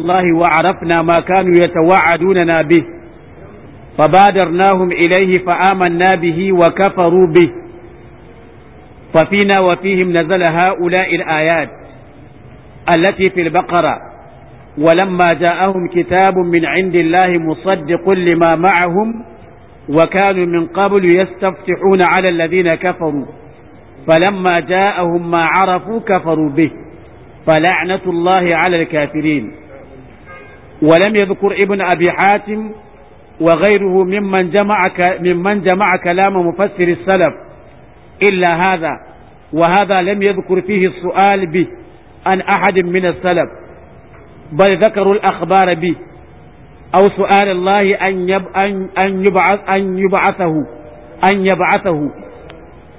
الله وعرفنا ما كانوا يتوعدوننا به فبادرناهم إليه فآمنا به وكفروا به ففينا وفيهم نزل هؤلاء الآيات التي في البقرة ولما جاءهم كتاب من عند الله مصدق لما معهم وكانوا من قبل يستفتحون على الذين كفروا فلما جاءهم ما عرفوا كفروا به فلعنة الله على الكافرين ولم يذكر ابن أبي حاتم وغيره ممن جمع ممن جمع كلام مفسر السلف إلا هذا وهذا لم يذكر فيه السؤال به عن أحد من السلف بل ذكروا الأخبار به أو سؤال الله أن يب أن أن يبعث أن يبعثه أن يبعثه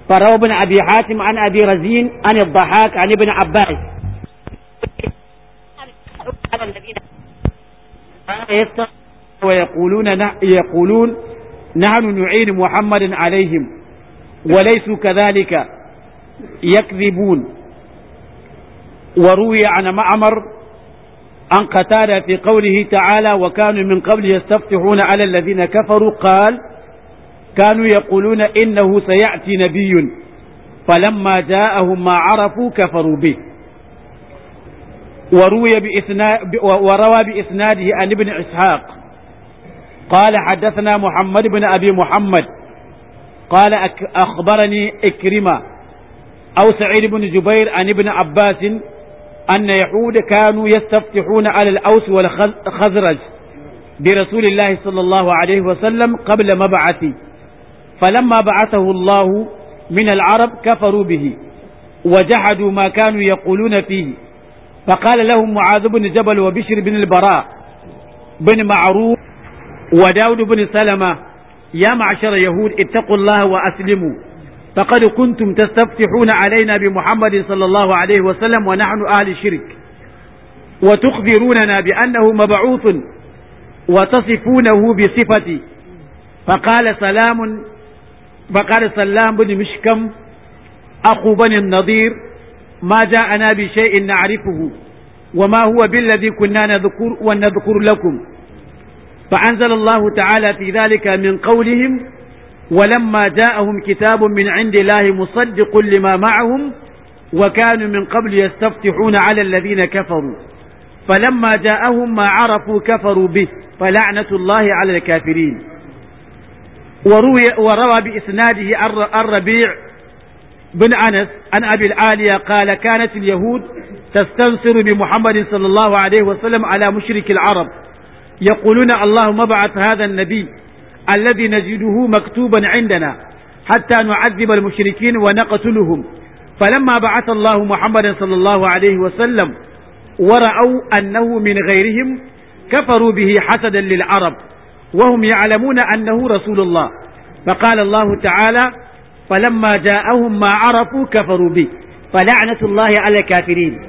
فروى ابن أبي حاتم عن أبي رزين عن الضحاك عن ابن عباس آية ويقولون يقولون نحن نعين محمد عليهم وليسوا كذلك يكذبون وروي عن معمر عن قتادة في قوله تعالى وكانوا من قبل يستفتحون على الذين كفروا قال كانوا يقولون إنه سيأتي نبي فلما جاءهم ما عرفوا كفروا به وروي بإثناء وروى بإسناده عن ابن إسحاق قال حدثنا محمد بن أبي محمد قال أخبرني إكرمة أو سعيد بن جبير عن ابن عباس أن يهود كانوا يستفتحون على الأوس والخزرج برسول الله صلى الله عليه وسلم قبل مبعثه فلما بعثه الله من العرب كفروا به وجحدوا ما كانوا يقولون فيه فقال لهم معاذ بن جبل وبشر بن البراء بن معروف وداود بن سلمة يا معشر يهود اتقوا الله وأسلموا فقد كنتم تستفتحون علينا بمحمد صلى الله عليه وسلم ونحن أهل الشرك وتخبروننا بأنه مبعوث وتصفونه بصفتي فقال سلام فقال سلام بن مشكم أخو بني النضير ما جاءنا بشيء نعرفه وما هو بالذي كنا نذكر ونذكر لكم فأنزل الله تعالى في ذلك من قولهم ولما جاءهم كتاب من عند الله مصدق لما معهم وكانوا من قبل يستفتحون على الذين كفروا فلما جاءهم ما عرفوا كفروا به فلعنة الله على الكافرين وروي وروى بإسناده الربيع بن أنس عن أبي العالية قال كانت اليهود تستنصر بمحمد صلى الله عليه وسلم على مشرك العرب يقولون اللهم ابعث هذا النبي الذي نجده مكتوبا عندنا حتى نعذب المشركين ونقتلهم فلما بعث الله محمدا صلى الله عليه وسلم ورأوا أنه من غيرهم كفروا به حسدا للعرب وهم يعلمون أنه رسول الله فقال الله تعالى فلما جاءهم ما عرفوا كفروا به فلعنة الله على الكافرين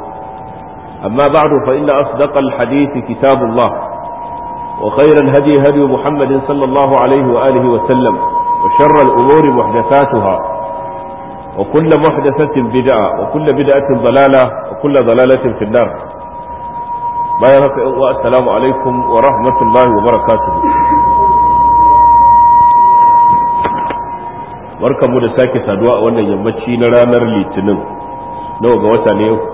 أما بعد فإن أصدق الحديث كتاب الله وخير الهدي هدي محمد صلى الله عليه وآله وسلم وشر الأمور محدثاتها وكل محدثة بدعة وكل بدعة ضلالة وكل ضلالة في النار بارك الله السلام عليكم ورحمة الله وبركاته barkanmu da sake saduwa a wannan yammaci na ranar litinin nawa ga wata ne yau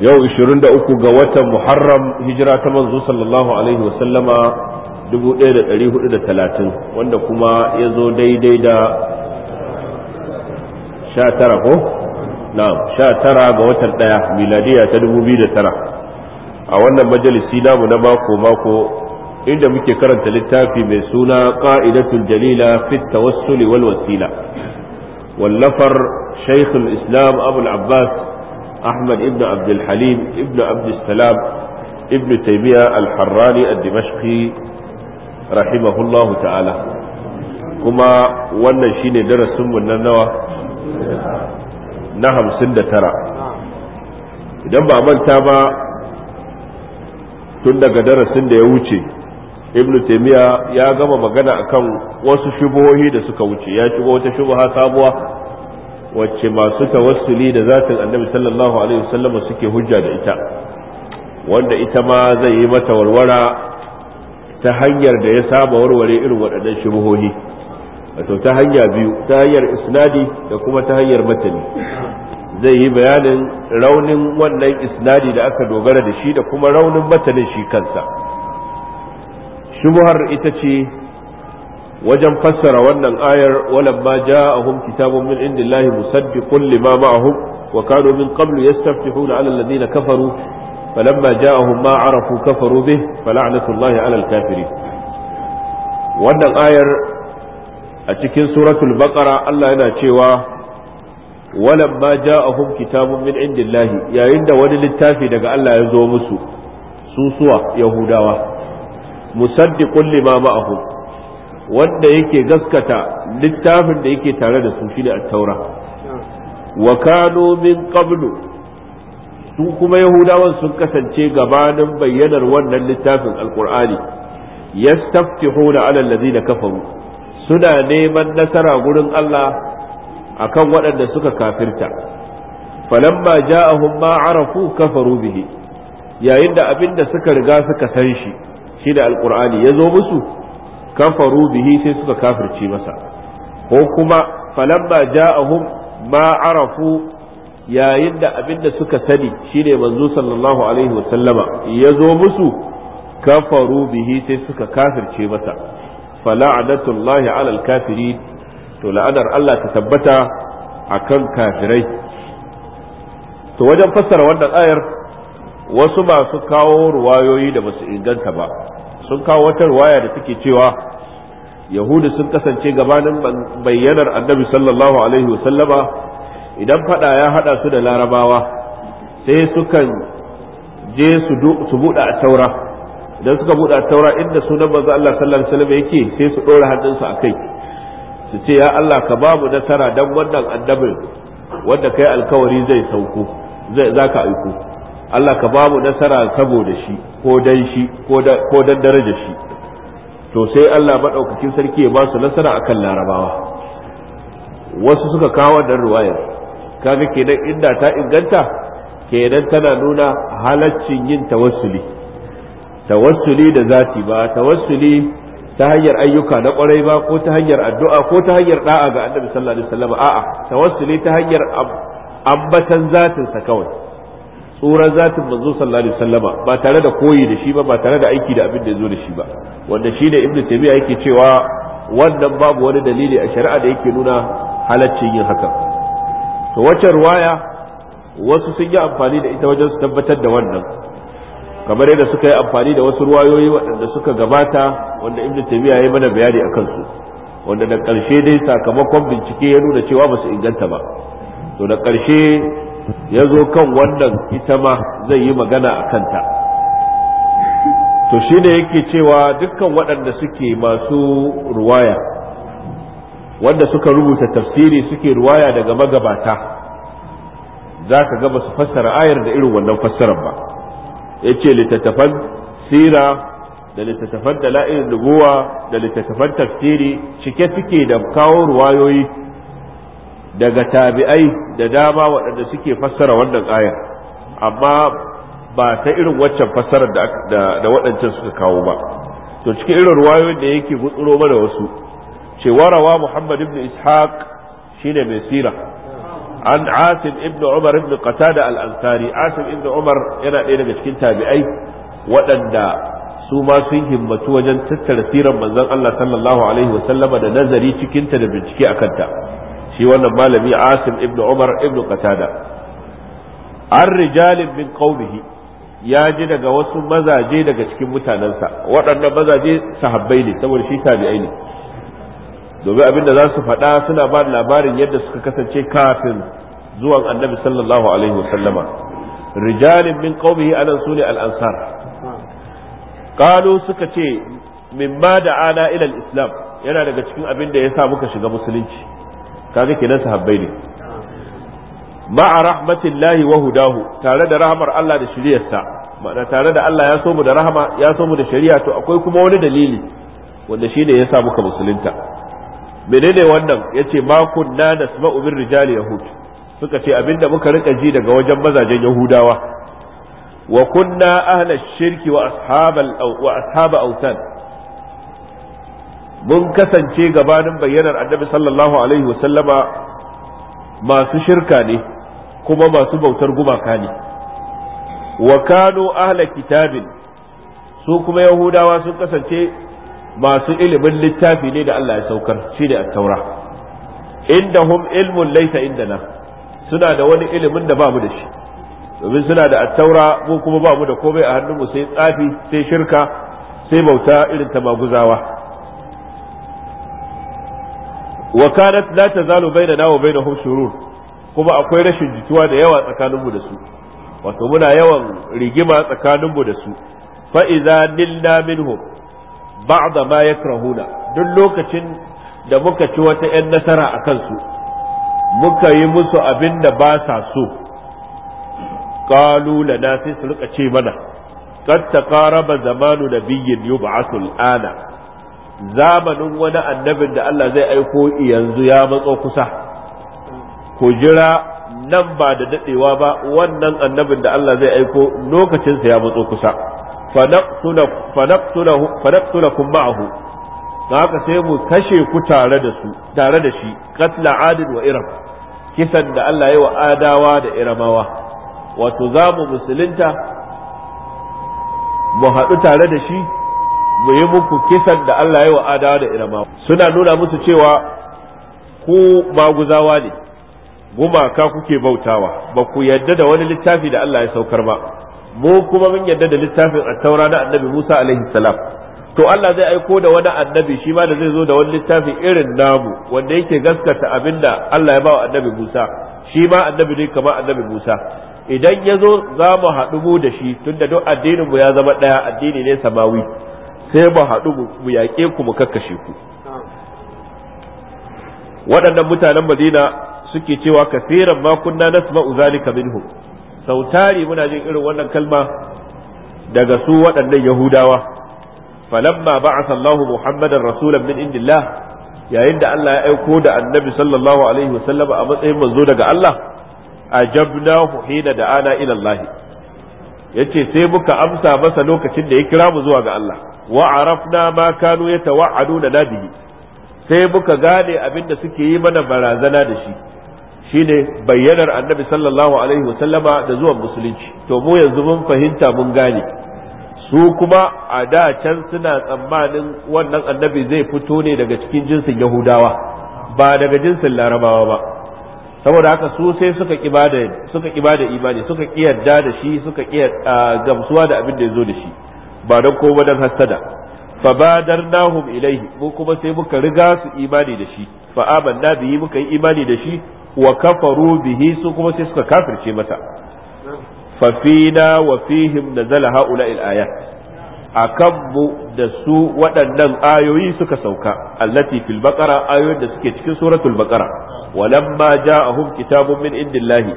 yau 23 ga watan muharram hijira ta manzo sallallahu alaihi wa wasallama 1430 wanda kuma ya zo daidai da 19 ko? na'am 19 ga watan daya miladiya ta 2009 a wannan majalisi namu na mako-mako inda muke karanta littafi mai suna ƙa'idatul jalila fit tawassuli wal wasila wallafar shaikhul islam abul abbas أحمد ابن عبد الحليم ابن عبد السلام ابن تيمية الحراني الدمشقي رحمه الله تعالى كما وانا شيني درس من النوى نهم سند ترى idan ba manta ba tun daga darasin da ya wuce ibn taimiyya ya gama magana akan wasu shubohi da suka wuce ya shigo wata shubha sabuwa wacce masu tawassuli da zatin annabi sallallahu alaihi wasallam suke hujja da ita wanda ita ma zai yi mata warwara ta hanyar da ya saba warware irin waɗannan shubuhohi wato ta hanya biyu ta hanyar isnadi da kuma ta hanyar matani zai yi bayanin raunin wannan isnadi da aka dogara da shi da kuma raunin matanin shi kansa shubuhar ita ce wajen fassara wannan ayar walamma ja'ahum kitabun min indillahi musaddiqun lima ma'ahum wa kanu min qablu yastaftihuna 'ala alladhina kafaru falamma ja'ahum ma 'arafu kafaru bih fala'natullahi 'ala al-kafirin wannan ayar a cikin suratul baqara Allah yana cewa walamma ja'ahum kitabun min indillahi yayin da wani littafi daga Allah ya zo musu susuwa yahudawa musaddiqun lima ma'ahum wanda yake gaskata littafin da yake tare da su shi ne taura wa kano min qablu su kuma yahudawan sun kasance gabanin bayyanar wannan littafin alkur'ani yastaftihuna ala da kafaru suna neman nasara gurin Allah akan waɗanda suka kafirta falamma ja'ahum ma arafu kafaru bihi yayin da abin da suka riga suka san shi shi da alkur'ani ya zo musu kafaru bihi sai suka kafirce masa ko kuma falamma ja'ahum ma arafu yayin da abinda suka sani shine manzo sallallahu alaihi wa sallama yazo musu kafaru bihi sai suka kafirce masa fala'natullahi alal kafiri, to la'anar Allah ta tabbata akan kafirai to wajen fassara wannan ayar wasu masu kawo ruwayoyi da basu inganta ba sun kawo wata ruwaya da take cewa yahudu sun kasance gabanin bayyanar annabi sallallahu alaihi wasallama idan fada ya hada su da larabawa sai sukan je su buɗe a taura idan suka buɗe a taura inda sunan manzo Allah sallallahu alaihi wasallam yake sai su ɗora hannunsu a kai su ce ya Allah ka mu nasara dan wannan annabin wanda kai alkawari zai sauko zai zaka aiko Allah ka mu nasara saboda shi ko dan shi ko dan daraja shi to sai Allah maɗaukakin sarki ya ba su nasara akan larabawa wasu suka kawo wannan ruwayar kaga kenan inda ta inganta kenan tana nuna halaccin yin tawassuli tawassuli da zati ba tawassuli ta hanyar ayyuka na kwarai ba ko ta hanyar addu'a ko ta hanyar da'a ga annabi sallallahu alaihi wasallam a'a tawassuli ta hanyar ambatan zatinsa kawai tsoron zatin manzo sallallahu alaihi wasallama ba tare da koyi da shi ba ba tare da aiki da abin da zo da shi ba wanda shi ne ibnu taymiya yake cewa wannan babu wani dalili a shari'a da yake nuna halaccin yin haka to wacce ruwaya wasu sun yi amfani da ita wajen su tabbatar da wannan kamar yadda suka yi amfani da wasu ruwayoyi waɗanda suka gabata wanda ibnu taymiya ya yi mana bayani akan su wanda da ƙarshe dai sakamakon bincike ya nuna cewa ba su inganta ba to da ƙarshe ya zo kan wannan ita ma zai yi magana a kanta to shi ne yake cewa dukkan waɗanda suke masu ruwaya wanda suka rubuta tafsiri suke ruwaya daga magabata za ka gaba su fassara ayar da irin wannan fassarar ba ya ce littattafan sira da littattafan da la'irin nubuwa da littattafan tafsiri cike suke da kawo ruwayoyi daga tabi'ai da dama waɗanda suke fassara wannan ayar amma ba ta irin waccan fassarar da waɗancan suka kawo ba to cikin irin ruwayoyin da yake gutsuro mana wasu cewa rawa muhammad ibn ishaq shine mai sira an asim ibn umar ibn qatada al-ansari asim ibn umar yana ɗaya daga cikin tabi'ai waɗanda su ma sun himmatu wajen tattara sirar manzon Allah sallallahu alaihi wasallama da nazari cikinta da bincike a kanta shi wannan malami asim ibn umar ibn qatada an rijalin min qaumihi ya ji daga wasu mazaje daga cikin mutanensa waɗannan mazaje sahabbai ne saboda shi tabi'ai ne domin abin da za su faɗa suna ba labarin yadda suka kasance kafin zuwan annabi sallallahu alaihi wasallama rijalin min qaumihi anan sune al-ansar qalu suka ce mimma da ila al-islam yana daga cikin abin da ya sa muka shiga musulunci kaga kenan sahabbai ne ma'a rahmatillahi wa hudahu tare da rahmar Allah da shiriyarsa ma'ana tare da Allah ya so mu da rahama ya so mu da shari'a to akwai kuma wani dalili wanda shine ya sa muka musulunta menene wannan yace ma kunna nasma'u min rijali yahud suka ce abinda muka rika ji daga wajen mazajen yahudawa wa kunna ahla shirki wa ashabal wa ashabu awtan mun kasance gabanin bayyanar annabi sallallahu alaihi wasallama masu shirka ne kuma masu bautar gumaka ne wa kanu ahla kitabin su kuma yahudawa sun kasance masu ilimin littafi ne da Allah ya saukar shi ne at-taura indahum ilmun laysa indana suna da wani ilimin da bamu da shi domin suna da taura mu kuma bamu da komai a hannunmu sai tsafi sai shirka sai bauta irin ta maguzawa wa kanat la tazalu bainana wa bainahum shurur kuma akwai rashin jituwa da yawa tsakaninmu da su wato muna yawan rigima tsakaninmu da su fa idza nilna minhum ba'da ma yakrahuna duk lokacin da muka ci wata 'yan nasara a kansu muka yi musu abin da ba sa so qalu lana sai su rika ce mana qad taqaraba zamanu nabiyyin yub'athu al'ana zamanin wani annabin da Allah zai aiko yanzu ya matso kusa ku jira nan ba da dadewa ba wannan annabin da Allah zai aiko lokacinsa ya matso kusa fanaqtulakum ma'ahu haka sai mu kashe ku tare da su tare da shi qatla adid wa iram kisan da Allah ya wa adawa da iramawa wato za mu musulunta mu haɗu tare da shi mu yi muku kisan da Allah ya wa adawa da irama suna nuna musu cewa ku maguzawa ne gumaka kuke bautawa ba ku yadda da wani littafi da Allah ya saukar ba mu kuma mun yadda da littafin a taura na annabi Musa alaihi salam to Allah zai aiko da wani annabi shi ma da zai zo da wani littafi irin namu wanda yake gaskata abinda Allah ya ba wa annabi Musa shi ma annabi ne kamar annabi Musa idan ya zo za mu haɗu mu da shi tunda duk addinin mu ya zama ɗaya addini ne samawi sai mu haɗu mu yaƙe ku mu kakkashe ku waɗannan mutanen madina suke cewa kasiran ma kunna nasma'u minhu minhum sautari muna jin irin wannan kalma daga su waɗannan yahudawa falamma ba'atha Allahu Muhammadan rasulan min indillah yayin da Allah ya aiko da annabi sallallahu alaihi wasallam a matsayin manzo daga Allah ajabnahu hina ana ilallahi ya yace sai muka amsa masa lokacin da ya kira mu zuwa ga Allah wa arafna ma kanu yatawa'aduna na bihi sai muka gane abin da suke yi mana barazana da shi shine bayyanar annabi sallallahu alaihi wasallama da zuwan musulunci to mu yanzu mun fahimta mun gane su kuma a da can suna tsammanin wannan annabi zai fito ne daga cikin jinsin yahudawa ba daga jinsin larabawa ba saboda haka su sai suka kibada suka imani suka kiyarda da shi suka kiyar ah, gamsuwa da abin da ya zo da shi ba don ko don hasada fa nahum ilaihi mu kuma sai muka riga su imani da shi fa amanna bihi muka yi imani da shi wa kafaru bihi su kuma sai suka kafirce masa fa fina wa fihim nazala haula al-ayat akan mu da su waɗannan ayoyi suka sauka allati fil baqara ayoyin da suke cikin suratul baqara walamma ja'ahum kitabun min indillahi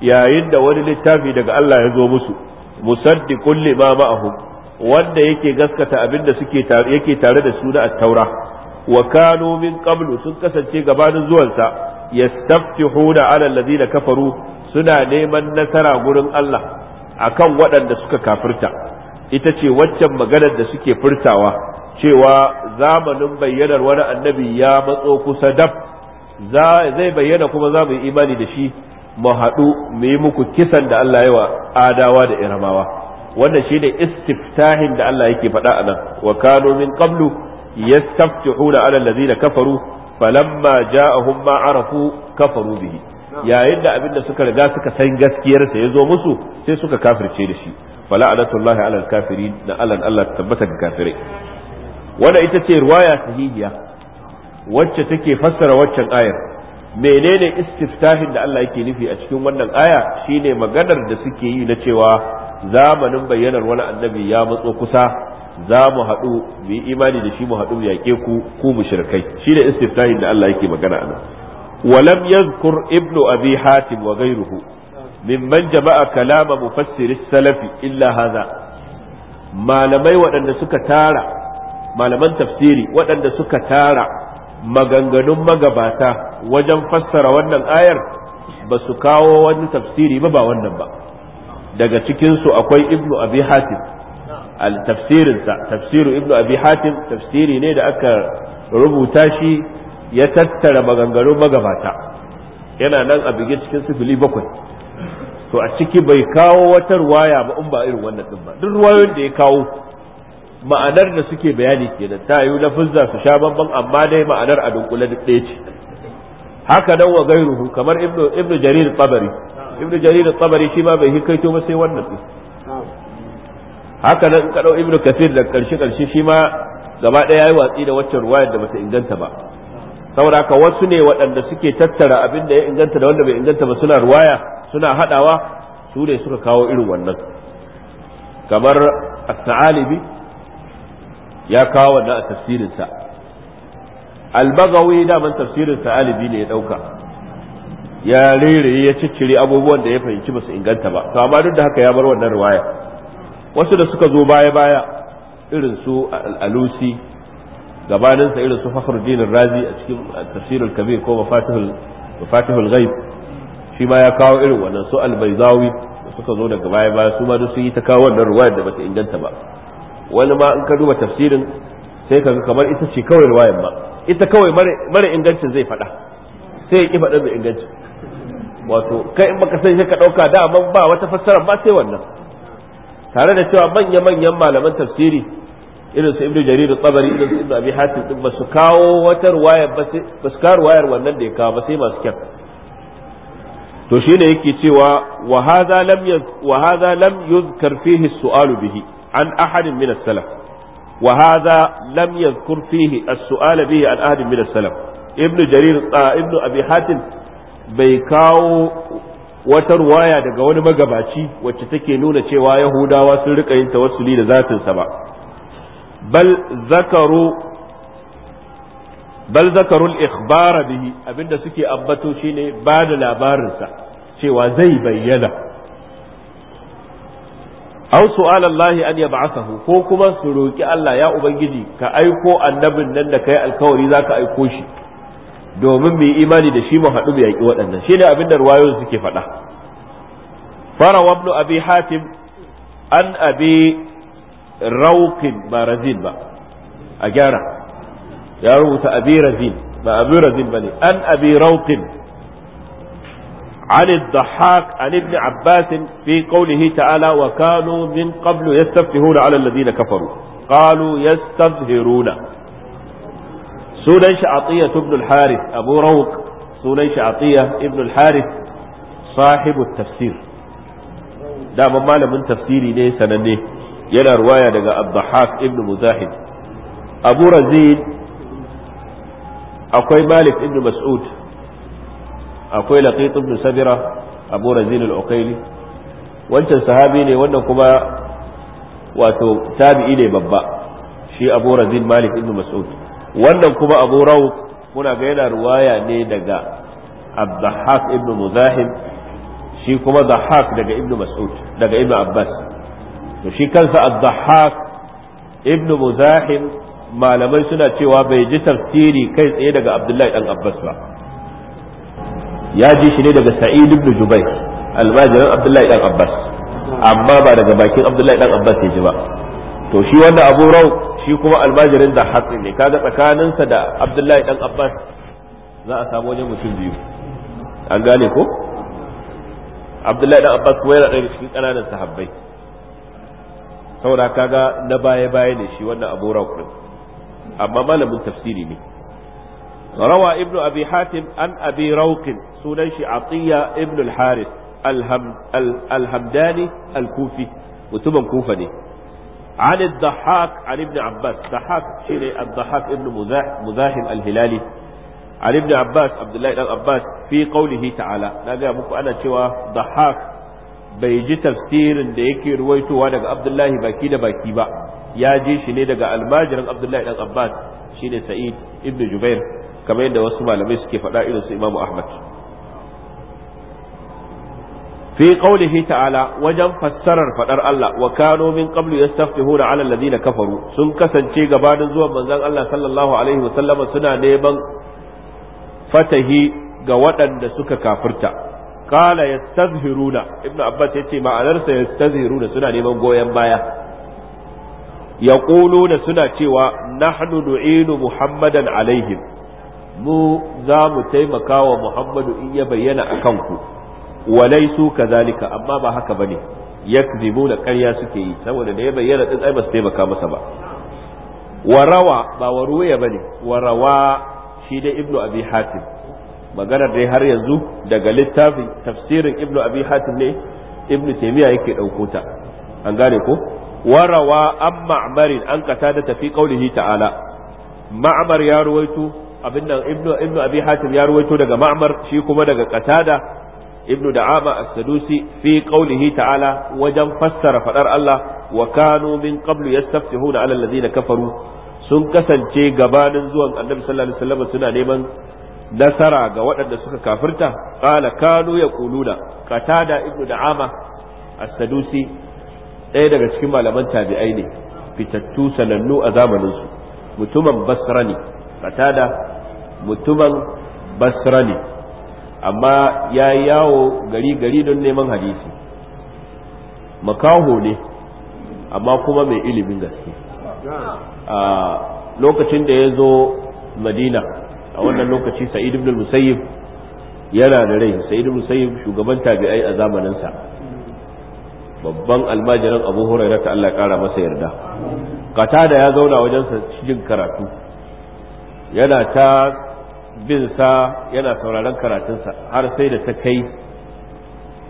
yayin da wani littafi daga Allah ya zo musu musaddiqul lima ma'ahum wanda yake gaskata abin da yake tare da su da at-taura wa kanu min qablu sun kasance gabanin zuwansa yastaftihuna ala alladhina kafaru suna neman nasara gurin Allah akan waɗanda suka kafirta ita ce waccan maganar da suke furtawa cewa zamanin bayyanar wani annabi ya matso kusa dab zai bayyana kuma za mu yi imani da shi mu haɗu mu yi muku kisan da Allah yawa adawa da iramawa wanda shi ne istiftahin da Allah yake faɗa a nan wa kanu min qablu yastaftihuna ala allazina kafaru falamma ja'ahum ma arafu kafaru bihi yayin da abinda suka riga suka san gaskiyar sa yazo musu sai suka kafirce da shi fala'anatullahi ala alkafirin da Allah Allah tabbata ga kafirai Wannan ita ce riwaya sahihiya wacce take fassara waccan ayar menene istiftahin da Allah yake nufi a cikin wannan aya shine maganar da suke yi na cewa zamanin bayyanar wani annabi ya matso kusa za mu haɗu mu yi imani da shi mu haɗu mu yaƙe ku ku mu shi shine istiftahin da Allah yake magana anan walam yazkur ibnu abi hatim wa ghayruhu mimman jama'a kalama mufassir salafi illa hadha malamai waɗanda suka tara malaman tafsiri waɗanda suka tara maganganun magabata wajen fassara wannan ayar ba su kawo wani tafsiri ba ba wannan ba daga cikinsu akwai ibnu abi hatim al tafsiru ibnu abi hatim tafsiri ne da aka rubuta shi ya tattara maganganu magabata yana nan a bige cikin sifili bakwai to a ciki bai kawo wata ruwaya ba in ba irin wannan din ba duk ruwayoyin da ya kawo ma'anar da suke bayani kenan ta yi lafizza su sha banban amma dai ma'anar a dunkule duk ɗaya ce haka nan wa gairuhu kamar ibnu ibnu jarir tabari ibnu jarir at-tabari shi ma bai hikaito ba sai wannan din haka nan ka dau ibnu kathir da karshe karshe shi ma gaba daya yayi watsi da waccan ruwayar da bata inganta ba saboda ka wasu ne waɗanda suke tattara abin da ya inganta da wanda bai inganta ba suna ruwaya suna hadawa su ne suka kawo irin wannan kamar at ta'alibi ya kawo wannan a tafsirinsa al bagawi da man tafsirin ta'alibi ne ya dauka ya rere ya ciccire abubuwan da ya fahimci ba su inganta ba to amma duk da haka ya bar wannan riwaya wasu da suka zo baya baya irin su alusi gabanin sa irin su fakhruddin razi a cikin tafsirul kabir ko mafatihul mafatihul ghaib shi ma ya kawo irin wannan su al-bayzawi da suka zo daga baya baya su ma duk sun yi ta kawo wannan riwaya da bata inganta ba wani ma in ka duba tafsirin sai ka ga kamar ita ce kawai riwayar ma ita kawai mara ingancin zai faɗa sai ya ki faɗa mai ingancin wato kai in baka sani sai ka dauka daman ba wata fassara ba sai wannan tare da cewa manya manyan malaman tafsiri irin su ibnu jarir Tabari, irin su ibnu abi hatim din ba su kawo wata ruwaya ba sai ba su kawo ruwayar wannan da ya kawo ba sai masu kyau. to shine yake cewa wa hadha lam wa hadha lam yuzkar fihi su'alu bihi an ahadin min as-salaf wa hadha lam yadhkur fihi as-su'ala bihi an ahadin min as-salaf ibnu jarir ah, ibnu abi hatim bai kawo wata ruwaya daga wani magabaci wacce take nuna cewa yahudawa sun rika yin tawassuli da zatinsa ba bal zakaru bal al ikhbara bihi abinda suke ambato shine ba da labarinsa cewa zai bayyana aw Allah an yab'athahu ko kuma su roki Allah ya ubangiji ka aiko annabin nan da kai alkawari zaka aiko shi domin mu yi imani da shi mu haɗu mu yaƙi waɗannan ne abin da ruwayoyin suke faɗa fara wabnu abi hatim an abi raukin ba razin ba a gyara ya rubuta abi razin ba abi razin bane. an abi raukin عن الضحاك عن ابن عباس في قوله تعالى وكانوا من قبل يستفتحون على الذين كفروا قالوا يستظهرون sunan shi atiya ibn al-harith abu rawq sunan shi atiya ibn al-harith sahibu tafsir daman malamin tafsiri ne sananne yana ruwaya daga abdahak ibn muzahid abu razid akwai malik ibn mas'ud akwai laqit ibn sabira abu razid al-uqaili wancan sahabi ne wannan kuma wato tabi'i ne babba shi abu razid malik ibn mas'ud wannan kuma abu rauk muna ga yana ruwaya ne daga abdahak ibn muzahim shi kuma zahak daga ibn mas'ud daga ibn abbas to shi kansa abdahak ibn muzahim malamai suna cewa bai ji tafsiri kai tsaye daga abdullahi dan abbas ba ya ji shi ne daga sa'id ibn jubair almajirin abdullahi dan abbas amma ba daga bakin abdullahi dan abbas ya ji ba to shi wannan abu rauk shi kuma almajirin da hatsi ne kaga tsakaninsa da abdullahi dan abbas za a samu wajen mutum biyu an gane ko abdullahi dan abbas kuma yana daga cikin ƙananan sahabbai saboda kaga na baya baya ne shi wannan abu rakur amma malamin tafsiri ne rawa ibnu abi hatim an abi rauqin sunan shi atiya ibnu al-haris al-hamdani al-kufi mutumin kufa ne عن الضحاك عن ابن عباس ضحاك شيني الضحاك ابن مزاحم الهلالي عن ابن عباس عبد الله بن عباس في قوله تعالى نجا muku ana cewa ضحاك bai ji tafsirin da yake ruwaitowa daga Abdullahi baki da baki ba ya ji shi ne daga almajirin Abdullahi dan Abbas shine Sa'id ibn Jubair kamar yadda wasu malamai suke faɗa irin su Imam Ahmad fi hita ta'ala wajen fassarar fadar Allah wa kanu min qablu yastafihuna 'ala alladhina kafaru sun kasance gabanin zuwan manzon Allah sallallahu alaihi wa sallama suna neman fatahi ga waɗanda suka kafirta qala yastazhiruna ibnu abbas yace ma'anarsa yastazhiruna suna neman goyen baya da suna cewa nahnu nu'inu muhammadan alaihim mu za mu taimaka wa muhammadu in ya bayyana a ku. walaisu zalika amma ba haka bane yakzibu da ƙarya suke yi saboda da ya bayyana din ai ba su taimaka masa ba warawa ba waruya bane warawa shi dai ibnu abi hatim maganar dai har yanzu daga littafin tafsirin ibnu abi hatim ne ibnu taymiya yake dauko ta an gane ko warawa an ma'marin an kata da tafi qaulihi ta'ala ma'mar ya ruwaito abin nan ibnu ibnu abi hatim ya ruwaito daga ma'mar shi kuma daga qatada ibnu da'ama as fi qawlihi ta'ala wajen fassara faɗar Allah wa kanu min qablu yastaftihuna 'ala kafaru sun kasance gabanin zuwan annabi sallallahu alaihi wasallam suna neman nasara ga waɗanda suka kafirta qala kanu yaquluna qatada ibnu da'ama as-sadusi ɗaya daga cikin malaman tabi'ai ne fitattu sanannu a zamaninsu mutumin basra ne qatada mutumin basra ne amma ya yi yawo gari gari don neman hadisi makaho ne amma kuma mai ilimin gaske a lokacin da ya zo madina a wannan lokaci sa'id ibn musayyib yana da rai sa'id ibn musayyib shugaban tabi'ai a zamaninsa babban almajiran abu hurai ta Allah kara masa yarda Katada ya zauna wajen sa cikin karatu yana ta bin sa yana sauraron karatunsa har sai da ta kai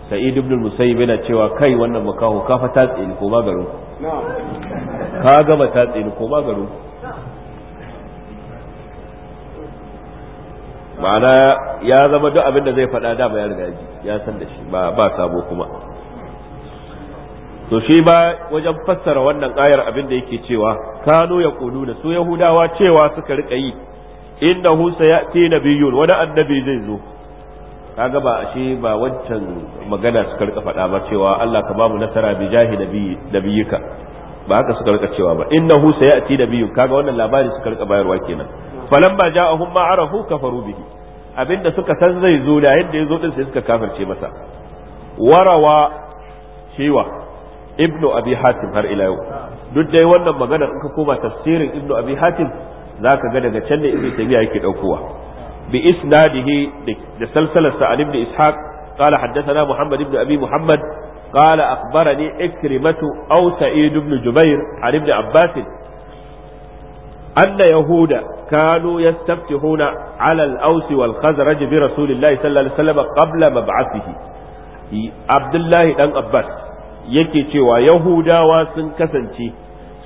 sa'id ibn musayyib yana cewa kai wannan makaho ka fa ta tsini ko ma garin ka gama ta tsini ko ma garin ma'ana ya zama duk abin da zai faɗa da ya riga ya san da shi ba ba sabo kuma to shi ba wajen fassara wannan ayar abin da yake cewa kano ya kudu da su yahudawa cewa suka rika yi innahu sayati nabiyyun wani annabi zai zo kaga ba ashe ba wancan magana suka rika faɗa ba cewa Allah ka bamu nasara bi jahi nabiyyika ba haka suka rika cewa ba innahu sayati nabiyyun kaga wannan labari suka rika bayarwa kenan ba ja'ahum ma arahu kafaru bihi abinda suka san zai zo da yadda ya zo din sai suka kafirce masa warawa shiwa ibnu abi hatim har ila yau duk dai wannan magana in ka koma tafsirin ibnu abi hatim za ka ga daga can da ibn tabi'a yake daukowa bi isnadihi da salsalar sa ibn ishaq qala haddathana muhammad ibn abi muhammad qala akhbarani ikrimatu aw sa'id ibn jubair an ibn abbas anna yahuda Kano yastaftihuna ala al-aws wal khazraj bi rasulillahi sallallahu alaihi qabla mab'athihi abdullahi ɗan abbas yake cewa yahudawa sun kasance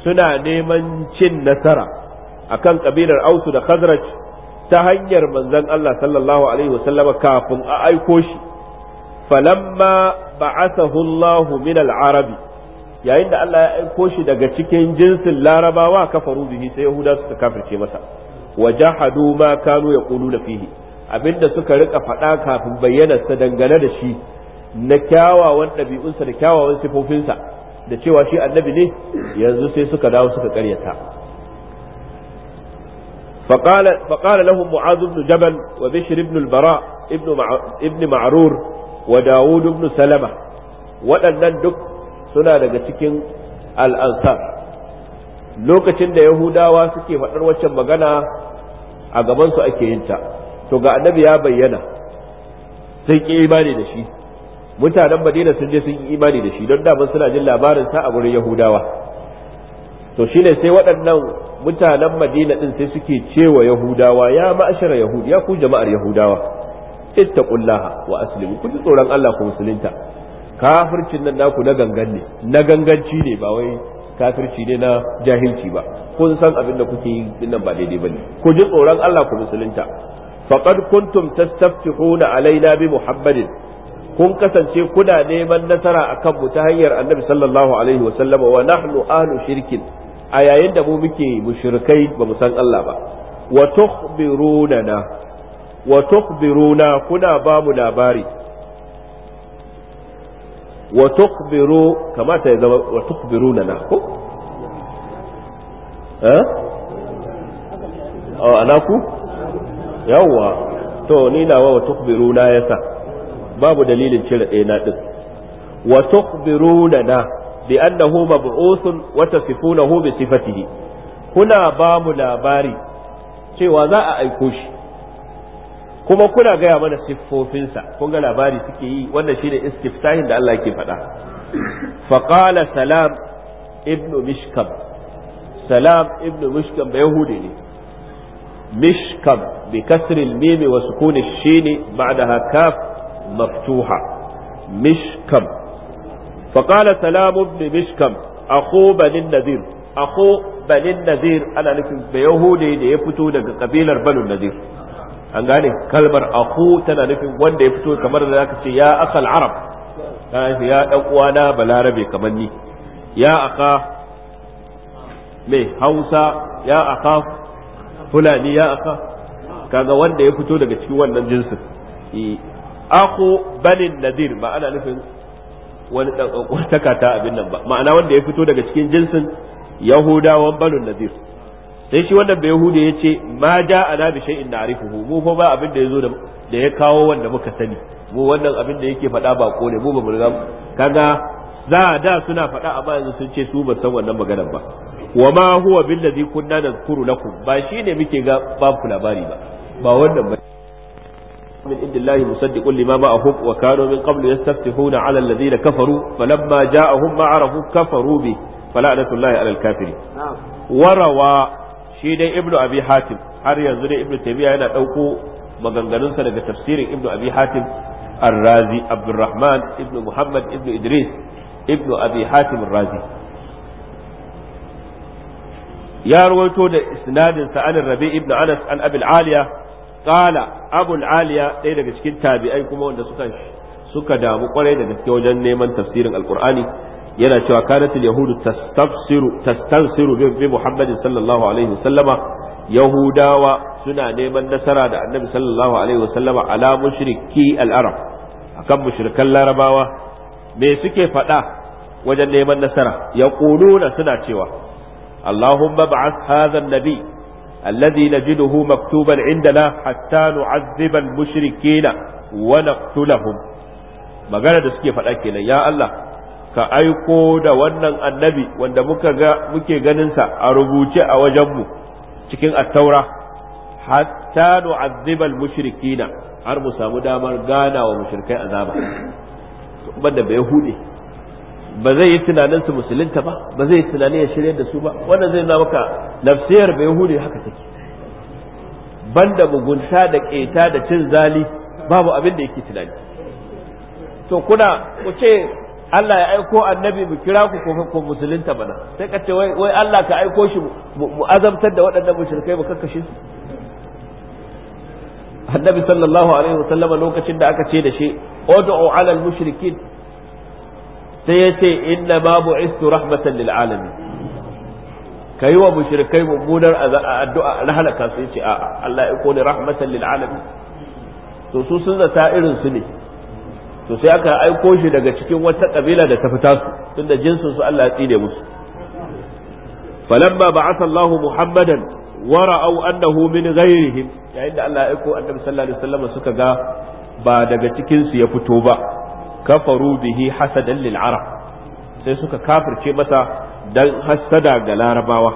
suna neman cin nasara akan kabilar ausu da khazraj ta hanyar manzon Allah sallallahu alaihi wasallama kafin a aiko shi falamma ba'athahu Allah min al-arab yayin da Allah ya aiko shi daga cikin jinsin larabawa kafaru bihi sai yahuda suka kafirce masa wajahadu ma kanu yaquluna fihi abinda suka rika faɗa kafin bayyana sa dangane da shi na kyawawan ɗabi'unsa da kyawawan sifofinsa da cewa shi annabi ne yanzu sai suka dawo suka ƙaryata فقال فقال لهم معاذ بن جبل وبشر بن البراء ابن ابن معرور وداوود بن سلمة waɗannan duk suna daga cikin al'ansar lokacin da yahudawa suke faɗar waccan magana a gabansu ake yinta to ga annabi ya bayyana sun ƙi imani da shi mutanen madina sun je sun yi imani da shi don daman suna jin labarin sa a wurin yahudawa to shine sai waɗannan mutanen madina din sai suke cewa yahudawa ya ma'ashara yahud ya ku jama'ar yahudawa ittaqullaha wa aslimu ku ji tsoron Allah ku musulunta kafircin nan naku na gangan ne na ganganci ne ba wai kafirci ne na jahilci ba kun san abin da kuke yi dinnan ba daidai bane ku ji tsoron Allah ku musulunta faqad kuntum tastaftihuna alaina bi muhammadin kun kasance kuna neman nasara akan mu ta hanyar annabi sallallahu alaihi wa sallama wa nahnu ahlu shirkin a yayin da mu muke mushrikai ba mu san Allah ba wa tukhbiruna wa tukhbiruna kuna ba mu labari wa tukhbiru kamata ya zama wa tukhbiruna na ko eh a oh, anaku Yawa, to ni nawa wa tukhbiruna yasa babu dalilin cire ɗaya na din wa tukhbiruna na bi annahu mab'uthun wa tasifunahu bi sifatihi kuna bamu mu labari cewa za a aiko shi kuma kuna gaya mana siffofinsa kun labari suke yi wanda shine istiftahin da Allah yake faɗa faqala salam ibnu mishkam salam ibnu mishkam da yahudi ne mishkam bi kasril mim wa sukun shin ba'daha maftuha mishkam فقال سلام بن مشكم أخو بني النذير أخو بني النذير أنا نفهم بيهودي da ya fito daga kabilar banu nadir an gane kalmar akhu tana nufin wanda ya fito kamar da zaka ce ya akal arab ya dan uwana balarabe kamar ni ya aka me hausa ya aka fulani ya aka kaga wanda ya fito daga cikin wannan jinsin akhu banin nadir ba ana nufin wani takata ta abin nan ba ma'ana wanda ya fito daga cikin jinsin yahudawan banu nazir sai shi wannan bai yahudi ya ce ma ja ana bi shay'in na'rifuhu mu fa ba abin da yazo da ya kawo wanda muka sani mu wannan abin da yake faɗa ba ko ne mu ba mu riga kaga za da suna faɗa amma yanzu sun ce su ba san wannan maganar ba wa ma huwa billazi kunna nadhkuru lakum ba shine muke ga babu labari ba ba wannan ba من عند الله مصدق لما معهم وكانوا من قبل يستفتحون على الذين كفروا فلما جاءهم ما عرفوا كفروا به فلعنة الله على الكافرين وروى شيء ابن أبي حاتم har yanzu dai ibnu taymiya yana dauko maganganunsa daga tafsirin ibnu abi hatim ar-razi abdurrahman ibnu muhammad ibnu idris ibnu abi hatim ar-razi ya rawaito da isnadin sa rabi ibnu anas an abi aliya qala abul aliya ɗaya daga cikin tabi'ai kuma wanda suka suka damu kwarai da gaske wajen neman tafsirin alqur'ani yana cewa kanat yahudu tastafsiru tastansiru bi muhammadin sallallahu alaihi wasallama yahudawa suna neman nasara da annabi sallallahu alaihi wasallama ala mushriki al-arab akan mushrikan larabawa me suke faɗa wajen neman nasara yaquluna suna cewa allahumma ba'ath hadha an-nabi ji الذي نجده مكتوبا عندنا حتى نعذب المشركين ونقتلهم maganar da suke faɗa kenan ya Allah ka aiko da wannan annabi wanda muka ga muke ganinsa a rubuce a wajenmu cikin attaura hatta nu'azzibal mushrikina har mu samu damar gana wa mushrikai azaba ban da bai hude ba zai yi tunanin su musulunta ba ba zai yi tunanin ya shirya da su ba wannan zai na maka nafsiyar bai hudu haka take banda mugunta da keta da cin zali babu abin da yake tunani to kuna ku ce Allah ya aiko annabi mu kira ku ko musulunta bana sai ka ce wai Allah ka aiko shi mu azamtar da waɗannan mushrikai mu kakkashe su annabi sallallahu alaihi wasallam lokacin da aka ce da shi ud'u al mushrikin sai ya ce inna ma bu'istu rahmatan lil alamin kai wa mushrikai mummunar addu'a na halaka sai ce a'a Allah ya kone rahmatan lil alamin to su sun zata irin su ne to sai aka aiko shi daga cikin wata kabila da ta fita su tunda jinsin su Allah ya tsine musu falamma ba'atha Allah Muhammadan wa ra'aw annahu min ghayrihim yayin da Allah ya aiko Annabi sallallahu alaihi wasallam suka ga ba daga cikin su ya fito ba kafaru bihi hasadan lil sai suka kafirce masa dan hasada ga larabawa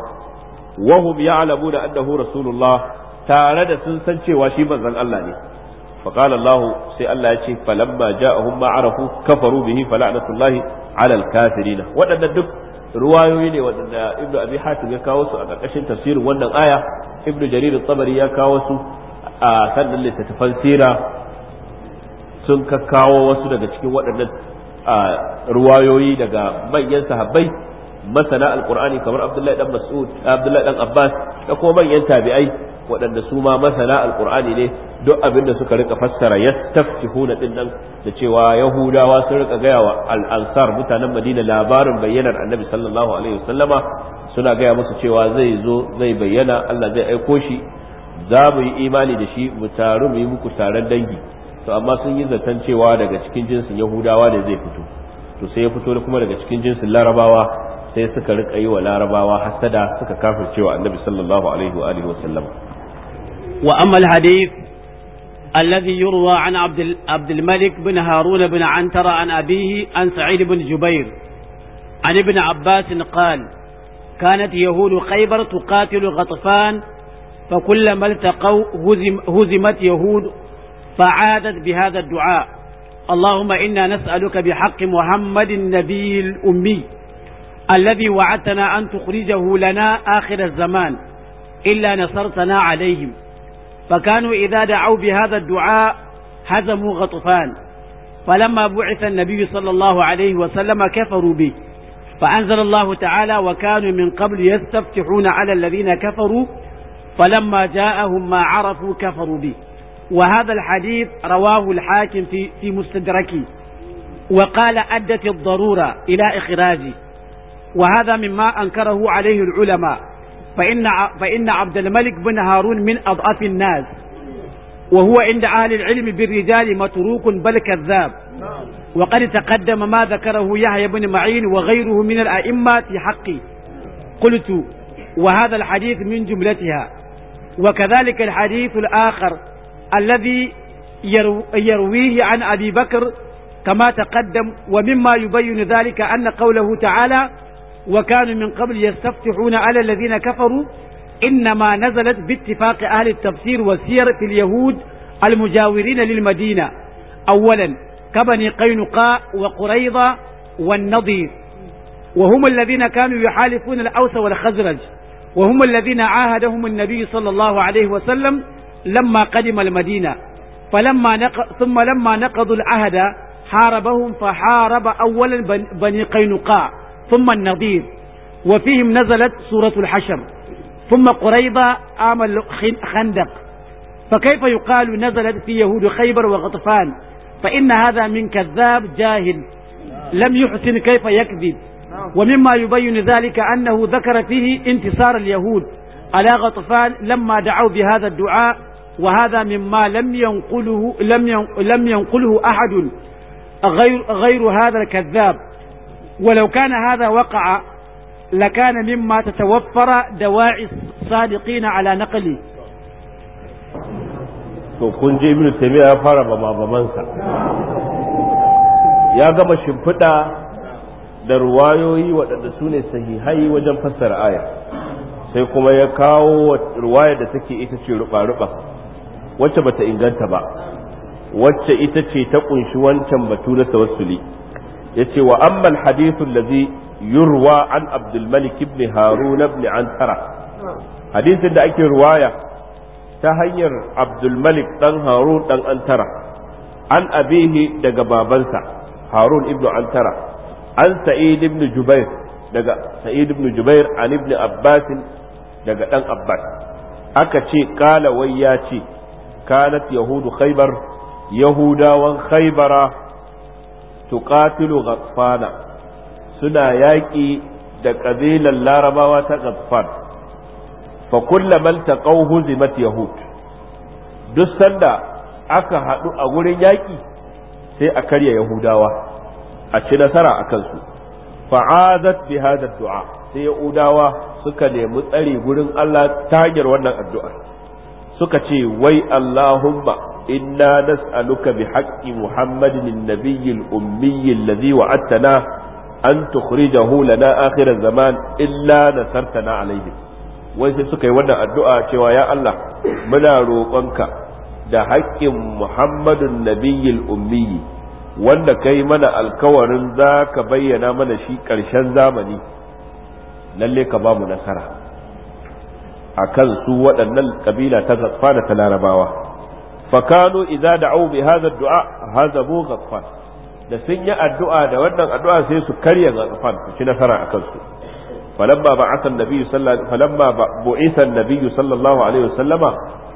wa ya ya'lamu da annahu rasulullah tare da sun san cewa shi manzon Allah ne fa sai Allah ya ce falamma ja'ahum ma arafu kafaru bihi fala'natullah ala al kafirin wadannan duk ruwayoyi ne waɗanda ibnu abi hatim ya kawo su a ƙarƙashin tafsirin wannan aya ibnu jarir al ya kawo su a sannan littattafan sira sun kakkawo wasu daga cikin waɗannan ruwayoyi daga manyan sahabbai masana alkur'ani kamar abdullahi dan mas'ud abdullahi dan abbas da kuma manyan tabi'ai waɗanda su ma masana alkur'ani ne duk abin da suka rika fassara yastaftihuna din nan da cewa yahudawa sun rika gaya wa al-ansar mutanen madina labarin bayyanar annabi sallallahu alaihi wasallama suna gaya musu cewa zai zo zai bayyana Allah zai aiko shi za mu yi imani da shi mu taru mu yi muku taron dangi to amma sun yi zaton cewa daga cikin jinsin yahudawa ne zai fito to sai ya fito kuma daga cikin jinsin larabawa sai suka rika yi wa larabawa hasada suka kafir cewa annabi sallallahu alaihi wa alihi wa sallam wa amma alhadith alladhi yurwa an abdul abdul malik bin harun bin antara an أبيه an sa'id bin jubair an ibn abbas قال كانت يهود خيبر تقاتل غطفان فكلما التقوا هزم هزمت يهود فعادت بهذا الدعاء اللهم إنا نسألك بحق محمد النبي الأمي الذي وعدتنا أن تخرجه لنا آخر الزمان إلا نصرتنا عليهم فكانوا إذا دعوا بهذا الدعاء هزموا غطفان فلما بعث النبي صلى الله عليه وسلم كفروا به فأنزل الله تعالى وكانوا من قبل يستفتحون على الذين كفروا فلما جاءهم ما عرفوا كفروا به وهذا الحديث رواه الحاكم في في مستدركه وقال أدت الضرورة إلى إخراجه وهذا مما أنكره عليه العلماء فإن فإن عبد الملك بن هارون من أضعف الناس وهو عند أهل العلم بالرجال متروك بل كذاب وقد تقدم ما ذكره يحيى بن معين وغيره من الأئمة في حقه قلت وهذا الحديث من جملتها وكذلك الحديث الآخر الذي يرويه عن أبي بكر كما تقدم ومما يبين ذلك أن قوله تعالى وكانوا من قبل يستفتحون على الذين كفروا إنما نزلت باتفاق أهل التفسير والسير في اليهود المجاورين للمدينة أولا كبني قينقاع وقريضة والنضير وهم الذين كانوا يحالفون الأوس والخزرج وهم الذين عاهدهم النبي صلى الله عليه وسلم لما قدم المدينة فلما نق... ثم لما نقضوا العهد حاربهم فحارب أولا بني قينقاع ثم النظير وفيهم نزلت سورة الحشر ثم قريضة آمل خندق فكيف يقال نزلت في يهود خيبر وغطفان فإن هذا من كذاب جاهل لم يحسن كيف يكذب ومما يبين ذلك أنه ذكر فيه انتصار اليهود على غطفان لما دعوا بهذا الدعاء وهذا مما لم ينقله لم لم ينقله أحد غير غير هذا الكذاب ولو كان هذا وقع لكان مما تتوفر دواعي الصادقين على نقله to kun ji ibnu taymiya ya fara bama-bamansa ya gama shimfiɗa da ruwayoyi waɗanda su ne sahihai wajen fassara aya sai kuma ya kawo ruwaya da take ita ce ruɓa-ruɓa wacce bata inganta ba wacce ita ce ta kunshi wancan batu na tawassuli yace wa amma alhadithu allazi yurwa an abdul malik ibn harun ibn antara hadisin da ake ruwaya ta hanyar abdul malik dan harun dan antara an abihi daga babansa harun ibn antara an sa'id ibn jubair daga sa'id ibn jubair an ibn abbas daga dan abbas aka ce kala wai ya ce kanat yahudu haibar yahudawan khaybara tuqatilu ghatfana suna yaƙi da ƙabilar larabawa ta ghatfan fa kullamal taqawhu zimat yahud duk sanda aka haɗu a gurin yaƙi sai a karya yahudawa a ci nasara a kansu fa'azat bi hadha du'a sai yahudawa suka nemi tsare gurin Allah ta hanyar wannan addu'ar suka ce wai Allahumma inna nas'aluka bi haqqi Muhammadin an-nabiyyi ummiyyi alladhi wa'adtana an tukhrijahu lana akhir akirar zaman illa nasartana alayhi wai sai suka yi wannan addu'a cewa ya Allah muna roƙonka da haƙƙin Muhammadun nabiyyil al-ummiyyi wanda kai mana alkawarin za ka bayyana mana shi ƙarshen zamani lalle ka ba mu nasara akan su waɗannan ƙabila ta Ghaffan ta Larabawa fakano idza da'u bi hadha du'a hazabu Ghaffan da sun yi addu'a da wannan addu'a sai su karya Ghaffan su ci nasara a kansu. falamma ba an-nabiy sallallahu falamma bu'itha an-nabiy sallallahu alaihi wasallama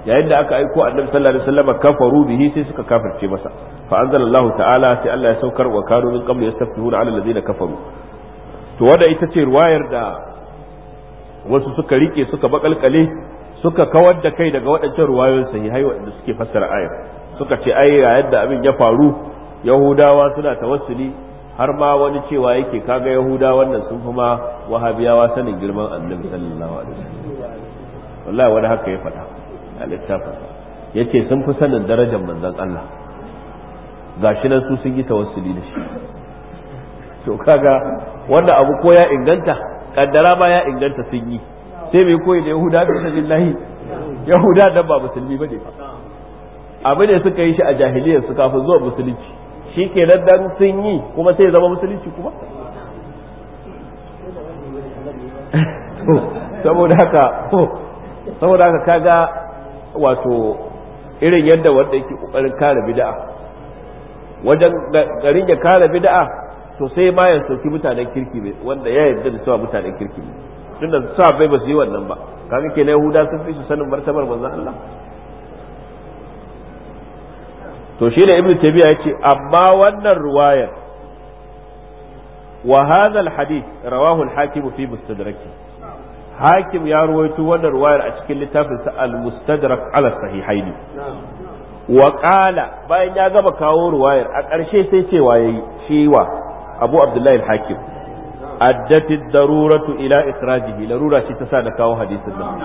yayin da aka aiko annabi sallallahu alaihi wasallama kafaru bihi sai suka kafirce masa fa anzalallahu ta'ala sai Allah ya saukar wa kanu min qabli yastafihuna 'ala alladhina kafaru to wanda ita ce ruwayar da wasu suka rike suka bakalkale suka kawar da kai daga waɗancan ruwayoyin sahihai waɗanda suke fassara ayar suka ce ai ga yadda abin ya faru yahudawa suna tawassuli har ma wani cewa yake kaga yahuda wannan sun fi ma wahabiyawa sanin girman annabi sallallahu alaihi wasallam wallahi wani haka ya faɗa a littafin yace sun fi sanin darajar manzon Allah gashi nan su sun yi tawassuli da shi to kaga wanda abu ko ya inganta kaddara baya inganta sun yi sai mai koyi da yahuda da lahi, yahuda da ba musulmi bane ba abin da suka yi shi a jahiliyar su kafin zuwa musulunci shi ke dan sun yi kuma sai zama musulunci kuma saboda haka saboda haka kaga wato irin yadda wanda yake kokarin kare bid'a wajen garin ya kare bid'a to sai ma ya sauki mutanen kirki ne wanda ya yarda da cewa mutanen kirki ne tunda sa bai ba su yi wannan ba kaga ke na yahuda sun fi su sanin martabar manzo Allah to shi da ibnu tabiya yace amma wannan ruwayar wa hadha hadith rawahu hakim fi mustadrak hakim ya ruwaito wannan ruwayar a cikin littafin sa almustadrak ala sahihain wa qala bayan ya gaba kawo ruwayar a ƙarshe sai cewa yayi shi wa abu abdullahi hakim addati daruratu ila Israji, larura shi ta sa da kawo hadisin nan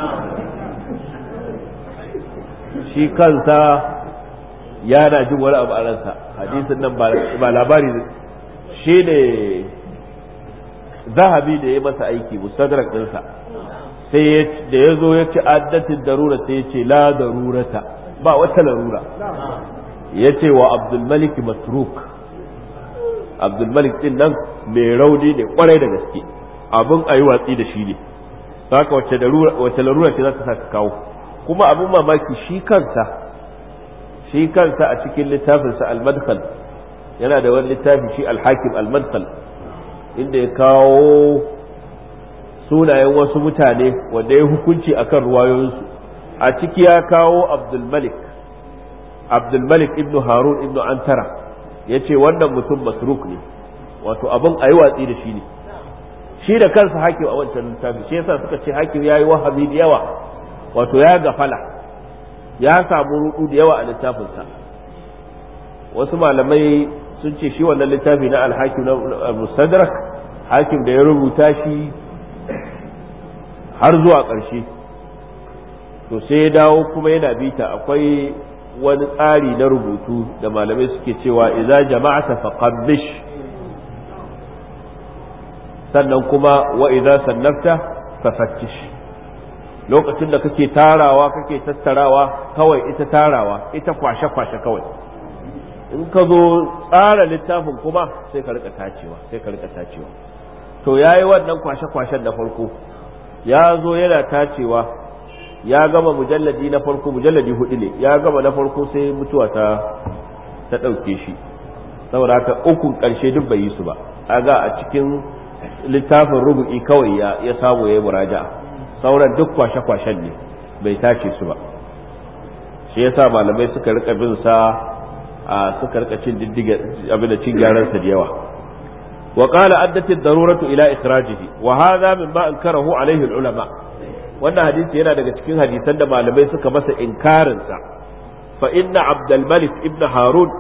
shi kansa yana jin wani abu a ransa hadisin nan ba labari shi ne zahabi da ya masa aiki mustadrak ɗinsa sai da ya zo ya ce addatin darura sai ya ce la darurata ba wata larura ya ce wa abdulmalik masruk abdulmalik din nan mai rauni ne kwarai da gaske abin a yi watsi da shi ne saka wace larura ce za ta sa kawo kuma abin mamaki shi kansa shi kansa a cikin littafinsa al-madkhal yana da wani littafi shi al-hakim al-madkhal inda ya kawo sunayen wasu mutane wanda ya hukunci akan ruwayoyinsu a ciki ya kawo abdulmalik abdulmalik ibnu harun ibnu antara ya ce wannan mutum masruk ne wato abin a yi watsi da shi ne shi da kansa hakim a wancan littafi shi yasa suka ce hakim ya yi wahami da yawa wato ya gafala ya samu rudu da yawa a littafinsa wasu malamai sun ce shi wannan littafi na alhakim na mustadrak hakim da ya rubuta shi har zuwa ƙarshe to sai ya dawo kuma yana bita akwai wani tsari na rubutu da malamai suke cewa idza jama'ata faqabish sannan kuma wa idza sannafta fafattish lokacin da kake tarawa kake tattarawa kawai ita tarawa ita kwashe kwashe kawai in ka zo tsara littafin kuma sai ka rika tacewa sai ka rika tacewa to yayi wannan kwashe kwashen da farko ya zo yana tacewa ya gama mujalladi na farko mujalladi hudu ne ya gama na farko sai mutuwa ta ta ɗauke shi saboda haka ukun ƙarshe duk bai yi su ba aga a cikin littafin rubu'i kawai ya samu ya yi muraja'a sauran duk kwashe-kwashen ne bai tace su ba shi yasa malamai suka rika bin sa a suka rika cin diddiga abin da cin gyaran sa da yawa wa qala addati ad-daruratu ila ikhrajihi wa hadha mimma ankarahu alayhi al-ulama wannan hadisi yana daga cikin hadisan da malamai suka masa inkarinsa fa inna abdulmalik ibn harun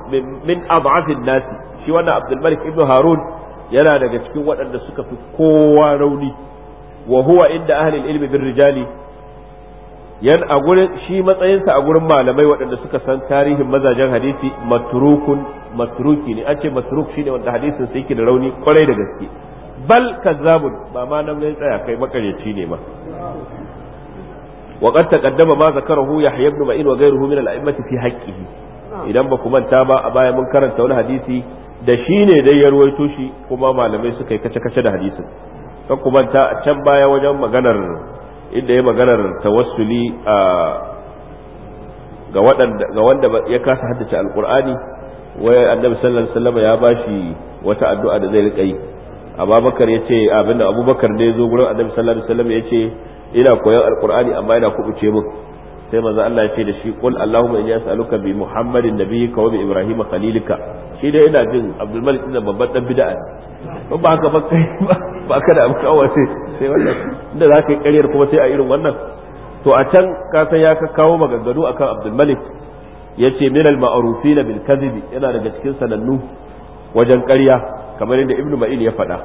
min ad'afin nasi shi wannan abdulmalik ibn harun yana daga cikin waɗanda suka fi kowa rauni wa huwa inda ahli ilmi bin rijali yan a gurin shi matsayinsa a gurin malamai waɗanda suka san tarihin mazajen hadisi matrukun matruki ne an ce matruk shine wanda hadisin sa yake da rauni kwarai da gaske bal kazzabun ba ma nan tsaya kai makaryaci ne ma wa qad taqaddama ma zakarahu yahya ibn ma'in wa ghayruhu min al-a'immati fi haqqihi idan ba ku manta ba a baya mun karanta wani hadisi da shi ne dai ya ruwaito shi kuma malamai suka yi kace-kace da hadisin kan ku manta a can baya wajen maganar inda ya maganar ta a ga ga wanda ya kasa haddace al'kur'ani wai annabi sallallahu ya bashi wata addu'a da zai rika yi amma bakar yace abinda abubakar ne zo gurin annabi sallallahu alaihi yace ina koyon alqur'ani amma ina kubuce min sai manzo Allah ya ce da shi qul allahumma inni as'aluka bi muhammadin nabiyyika wa bi ibrahima khalilika shi dai ina jin abdul malik din babban dan bid'a ne ba haka ba kai ba ka da amka wace sai wannan inda zaka yi ƙaryar kuma sai a irin wannan to a can ka san ya ka kawo maganganu akan abdul malik yace min al ma'rufina bil kadhibi yana daga cikin sanannu wajen ƙarya kamar yadda ibnu ma'in ya faɗa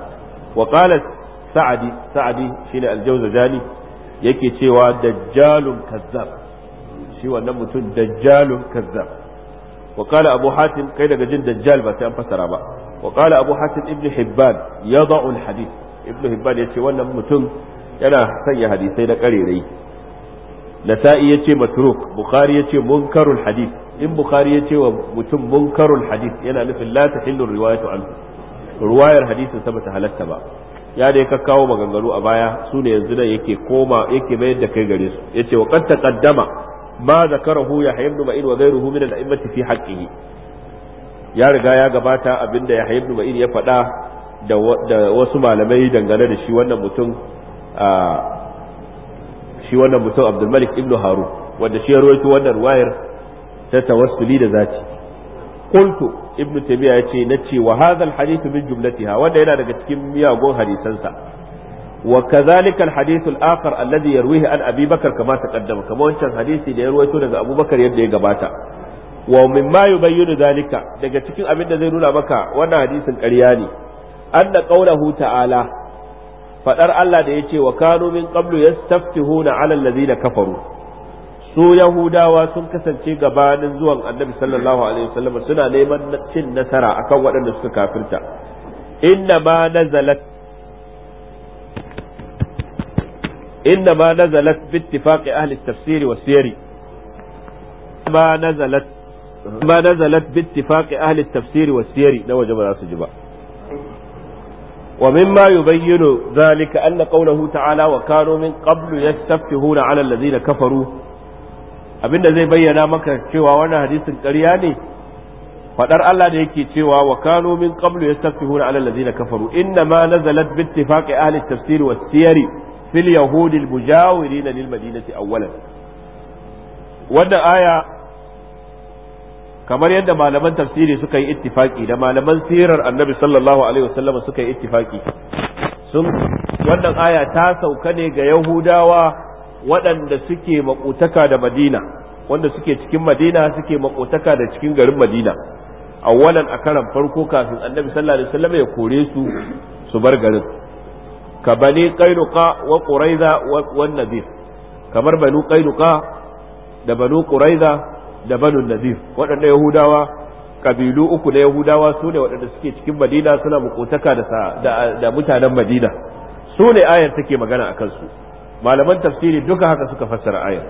wa qala sa'adi sa'adi shine al jawzajani yake cewa dajjalun kazzab shi wannan mutum dajjalun kazzab wa qala abu hatim kai daga jin dajjal ba sai an fasara ba wa qala abu hatim ibnu hibban yada'u hadith ibnu hibban yace wannan mutum yana sanya hadisai na karerai nasa'i yace matruk bukhari yace munkarul hadith in bukhari yace wa mutum munkarul hadith yana nufin la tahillu riwayatu anhu ruwayar hadisin sa bata halatta ba ya da ka kawo maganganu a baya su ne yanzu nan yake koma yake mayar da kai gare su ce wa qad taqaddama ma hu ya ibn ma'in wa gairu min da aimmati fi ne. ya riga ya gabata abin da ya ibn ma'in ya faɗa da wasu malamai dangane da shi wannan mutum shi wannan mutum Abdul Malik ibn Harun wanda shi ya rawaito wannan ruwayar ta tawassuli da zaci. qultu ibnu tabiya yace nace wa hadha alhadith min ha wanda yana daga cikin miyagun hadisansa wa kadhalika alhadith alakhar alladhi yarwihi an abi bakr kama taqaddama kama wancan hadisi da ya ruwaito daga abubakar yadda ya gabata wa mimma yubayyinu dhalika daga cikin abin da zai nuna maka wannan hadisin karya ne anna qawluhu ta'ala faɗar Allah da yace wa kanu min qablu yastaftihuna 'ala alladhina kafaru su yahudawa sun kasance gabanin zuwan annabi sallallahu alaihi wasallam suna neman cin nasara akan waɗanda suka kafirta inna ma nazalat inna ma nazalat bi ittifaqi ahli tafsir wa siyari ma nazalat ma nazalat bi ittifaqi ahli tafsir wa siyari da waje ba za su ji ba ومما يبين ذلك أن قوله تعالى وكانوا من قبل يستفتحون على الذين كفروا abinda zai bayyana maka cewa wannan hadisin ƙarya ne fadar Allah da yake cewa wa kanu min qablu yastafihuna ala allazina kafaru inna ma nazalat bi ittifaqi ahli tafsir wa siyari fil yahudi al-mujawirin lil madinati awwalan wannan aya kamar yadda malaman tafsiri suka yi ittifaki da malaman sirar annabi sallallahu alaihi wasallam suka yi ittifaki sun wannan aya ta sauka ne ga yahudawa waɗanda suke makotaka da madina wanda suke cikin madina suke makotaka da cikin garin madina awwalan a karan farko kafin annabi sallallahu alaihi wasallam ya kore su su bar garin ka bani qainuqa wa quraiza wa nadir kamar banu qainuqa da banu quraiza da banu nadir waɗanda yahudawa kabilu uku na yahudawa su ne waɗanda suke cikin madina suna makotaka da mutanen madina sune ne ayar take magana akan su malaman tafsiri duka haka suka fassara ayar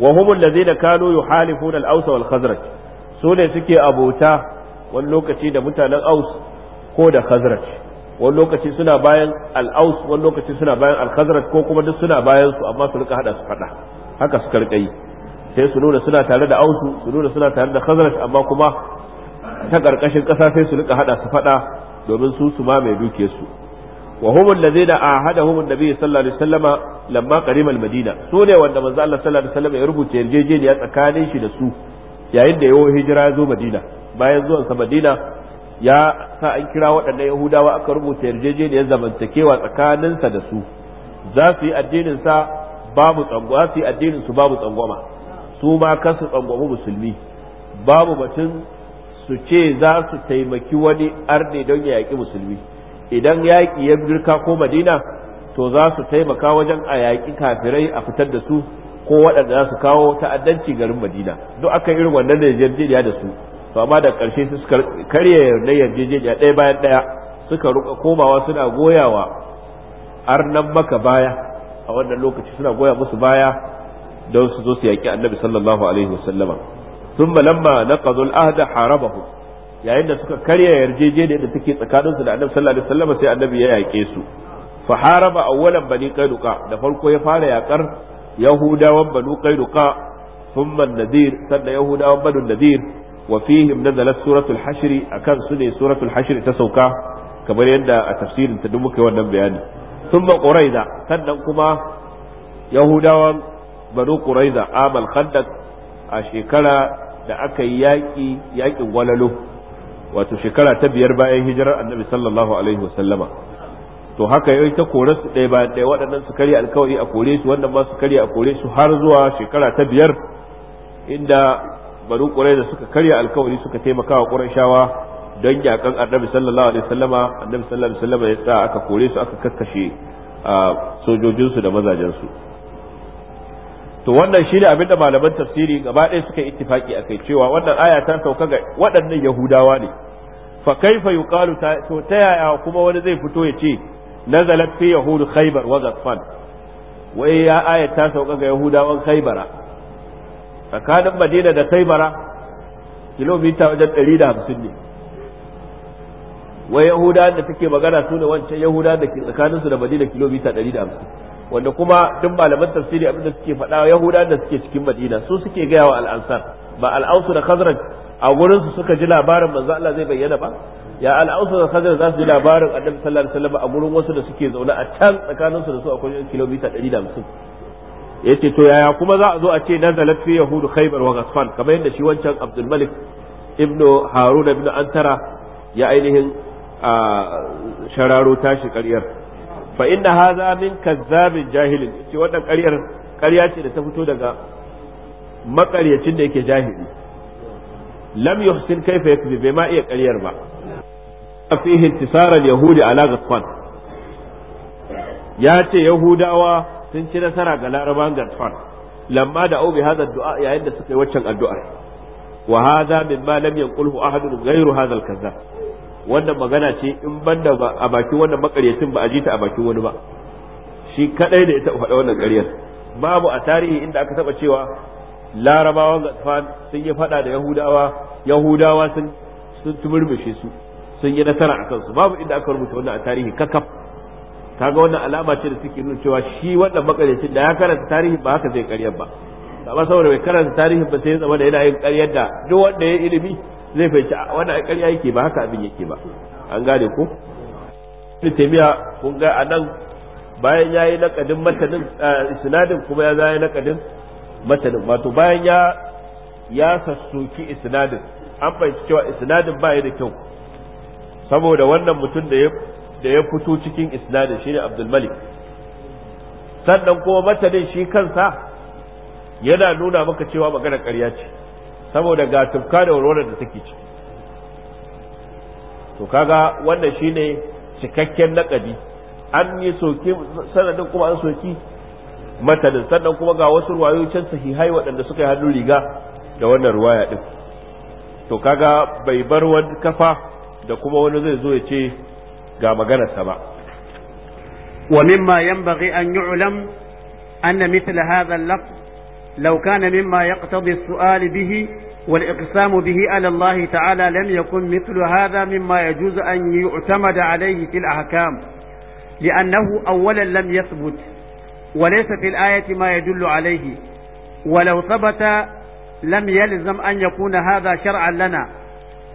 wa humul ladzina kanu yuhalifuna al-aws wal khazraj su ne suke abota wani lokaci da mutanen aus ko da khazraj wani lokaci suna bayan al aws wani lokaci suna bayan al-khazraj ko kuma duk suna bayan su amma su rika hada su fada haka suka rika yi sai su nuna suna tare da ausu su nuna suna tare da khazraj amma kuma ta karkashin kasa sai su rika hada su fada domin su su ma mai duke su wa hum allazina ahadahum annabi sallallahu alaihi wasallama lamma qarima almadina su ne wanda manzo Allah sallallahu alaihi ya rubuta yarjejeniya tsakanin shi da su yayin da yawo hijira ya zo madina bayan zuwan sa madina ya sa an kira waɗannan yahudawa aka rubuta yarjejeniyar zamantakewa tsakaninsa da su za su yi addinin sa babu tsangwa su yi addinin su babu tsangwama su ma kan su musulmi babu batun su ce za su taimaki wani arde don ya yaƙi musulmi idan yaƙi ya girka ko madina to za su taimaka wajen a yaƙi kafirai a fitar da su ko waɗanda za su kawo ta'addanci garin madina duk aka irin wannan da yarjejeniya da su to amma da ƙarshe su suka karye na yarjejeniya ɗaya bayan ɗaya suka ruka komawa suna goyawa arnan maka baya a wannan lokaci suna goya musu baya don su zo su yaƙi annabi sallallahu alaihi wasallama ثم لما نقضوا العهد حاربهم yayin da suka karya yarjejeniyar da take tsakaninsu da annabi sallallahu alaihi wasallam sai annabi ya yaƙe su fa haraba awwalan bani qainuqa da farko ya fara yakar yahudawan banu qainuqa thumma nadir sannan yahudawan banu nadir wa fihim nazalat suratul hashr akan su ne suratul hashr ta sauka kamar yadda a tafsirin ta muka wannan bayani thumma quraiza sannan kuma yahudawan banu quraiza amal khandaq a shekara da aka yi yaƙi yaƙin walalo wato shekara ta biyar bayan hijirar annabi sallallahu alaihi wasallama to haka yayi ta kore su ɗaya bayan ɗaya waɗannan su karya alkawari a kore su wannan ma su karya a kore su har zuwa shekara ta biyar inda banu da suka karya alkawari suka taimaka wa ƙurashawa don yaƙan annabi sallallahu alaihi wasallama annabi sallallahu alaihi wasallama ya tsaya aka kore su aka kakkashe ah, sojojinsu da mazajensu to wannan shi ne da malaman tafsiri gaba ɗaya suka yi ittifaki a kai cewa wannan aya ta sauka ga waɗannan yahudawa ne fa kaifa yuqalu to ta yaya kuma wani zai fito ya ce nazalat fi yahud khaybar wa ghatfan wai ya aya ta sauka ga yahudawan khaybara tsakanin madina da khaybara kilomita wajen 150 ne wai yahudawan da take magana su ne wancan yahudawan da ke tsakaninsu da madina kilomita 150 wanda kuma duk malaman tafsiri abinda suke faɗa yahuda da suke cikin madina su suke gaya wa al'ansar ba al'ausu da khazraj a gurin su suka ji labarin manzo Allah zai bayyana ba ya al'ausu da khazraj za su ji labarin annabi sallallahu alaihi wasallam a gurin wasu da suke zaune a can tsakanin su da su akwai kilomita 150 yace to yaya kuma za a zo a ce nazalat fi yahudu khaybar wa ghatfan kamar yadda shi wancan abdul malik ibnu haruna ibnu antara ya ainihin a shararo tashi ƙaryar fa inna hadha min kazzabin jahilin ce wannan ƙaryar ƙarya ce da ta fito daga maƙaryacin da yake jahili lam yuhsin kaifa yakzib bai ma iya ƙaryar ba fihi intisarar yahudi ala gatfan ya ce yahudawa sun ci nasara ga laraban gatfan lamma da aubi hadha du'a yayin da suka yi waccan addu'ar wa hadha mimma lam yanqulhu ahadun ghayru hadha al-kazzab wannan magana ce in banda a bakin wannan makaryacin ba a ji ta a bakin wani ba shi kadai da ya taɓa faɗa wannan ƙaryar babu a tarihi inda aka taɓa cewa larabawan gatfan sun yi faɗa da yahudawa yahudawa sun sun tumurmushe su sun yi nasara a kansu babu inda aka rubuta wannan a tarihi kakaf kaga wannan alama ce da suke nuna cewa shi wannan makaryacin da ya karanta tarihi ba haka zai ƙaryar ba amma saboda bai karanta tarihin ba sai ya zama da yana yin ƙaryar da duk wanda ya yi ilimi zai fahimci wani a ƙarya yake ba haka abin yake ba an gane ko ne taimiya kun ga a nan bayan ya yayi nakadin matanin isnadin kuma ya zai nakadin matanin wato bayan ya ya sassoki isnadin an fahimci cewa isnadin ba da kyau saboda wannan mutum da ya da ya fito cikin isnadin shine Abdul Malik sannan kuma matanin shi kansa yana nuna maka cewa magana karya ce saboda ga tufka da warware da take ciki to kaga wannan shine cikakken nakadi an yi soke sanadin kuma an soki matanin sannan kuma ga wasu ruwayoyi can sahihai waɗanda suka yi hannun riga da wannan ruwaya din to kaga bai bar wani kafa da kuma wani zai zo ya ce ga maganarsa ba ومما ينبغي أن يعلم أن مثل هذا اللفظ لو كان مما يقتضي السؤال به والإقسام به على الله تعالى لم يكن مثل هذا مما يجوز أن يعتمد عليه في الأحكام لأنه أولا لم يثبت وليس في الآية ما يدل عليه ولو ثبت لم يلزم أن يكون هذا شرعا لنا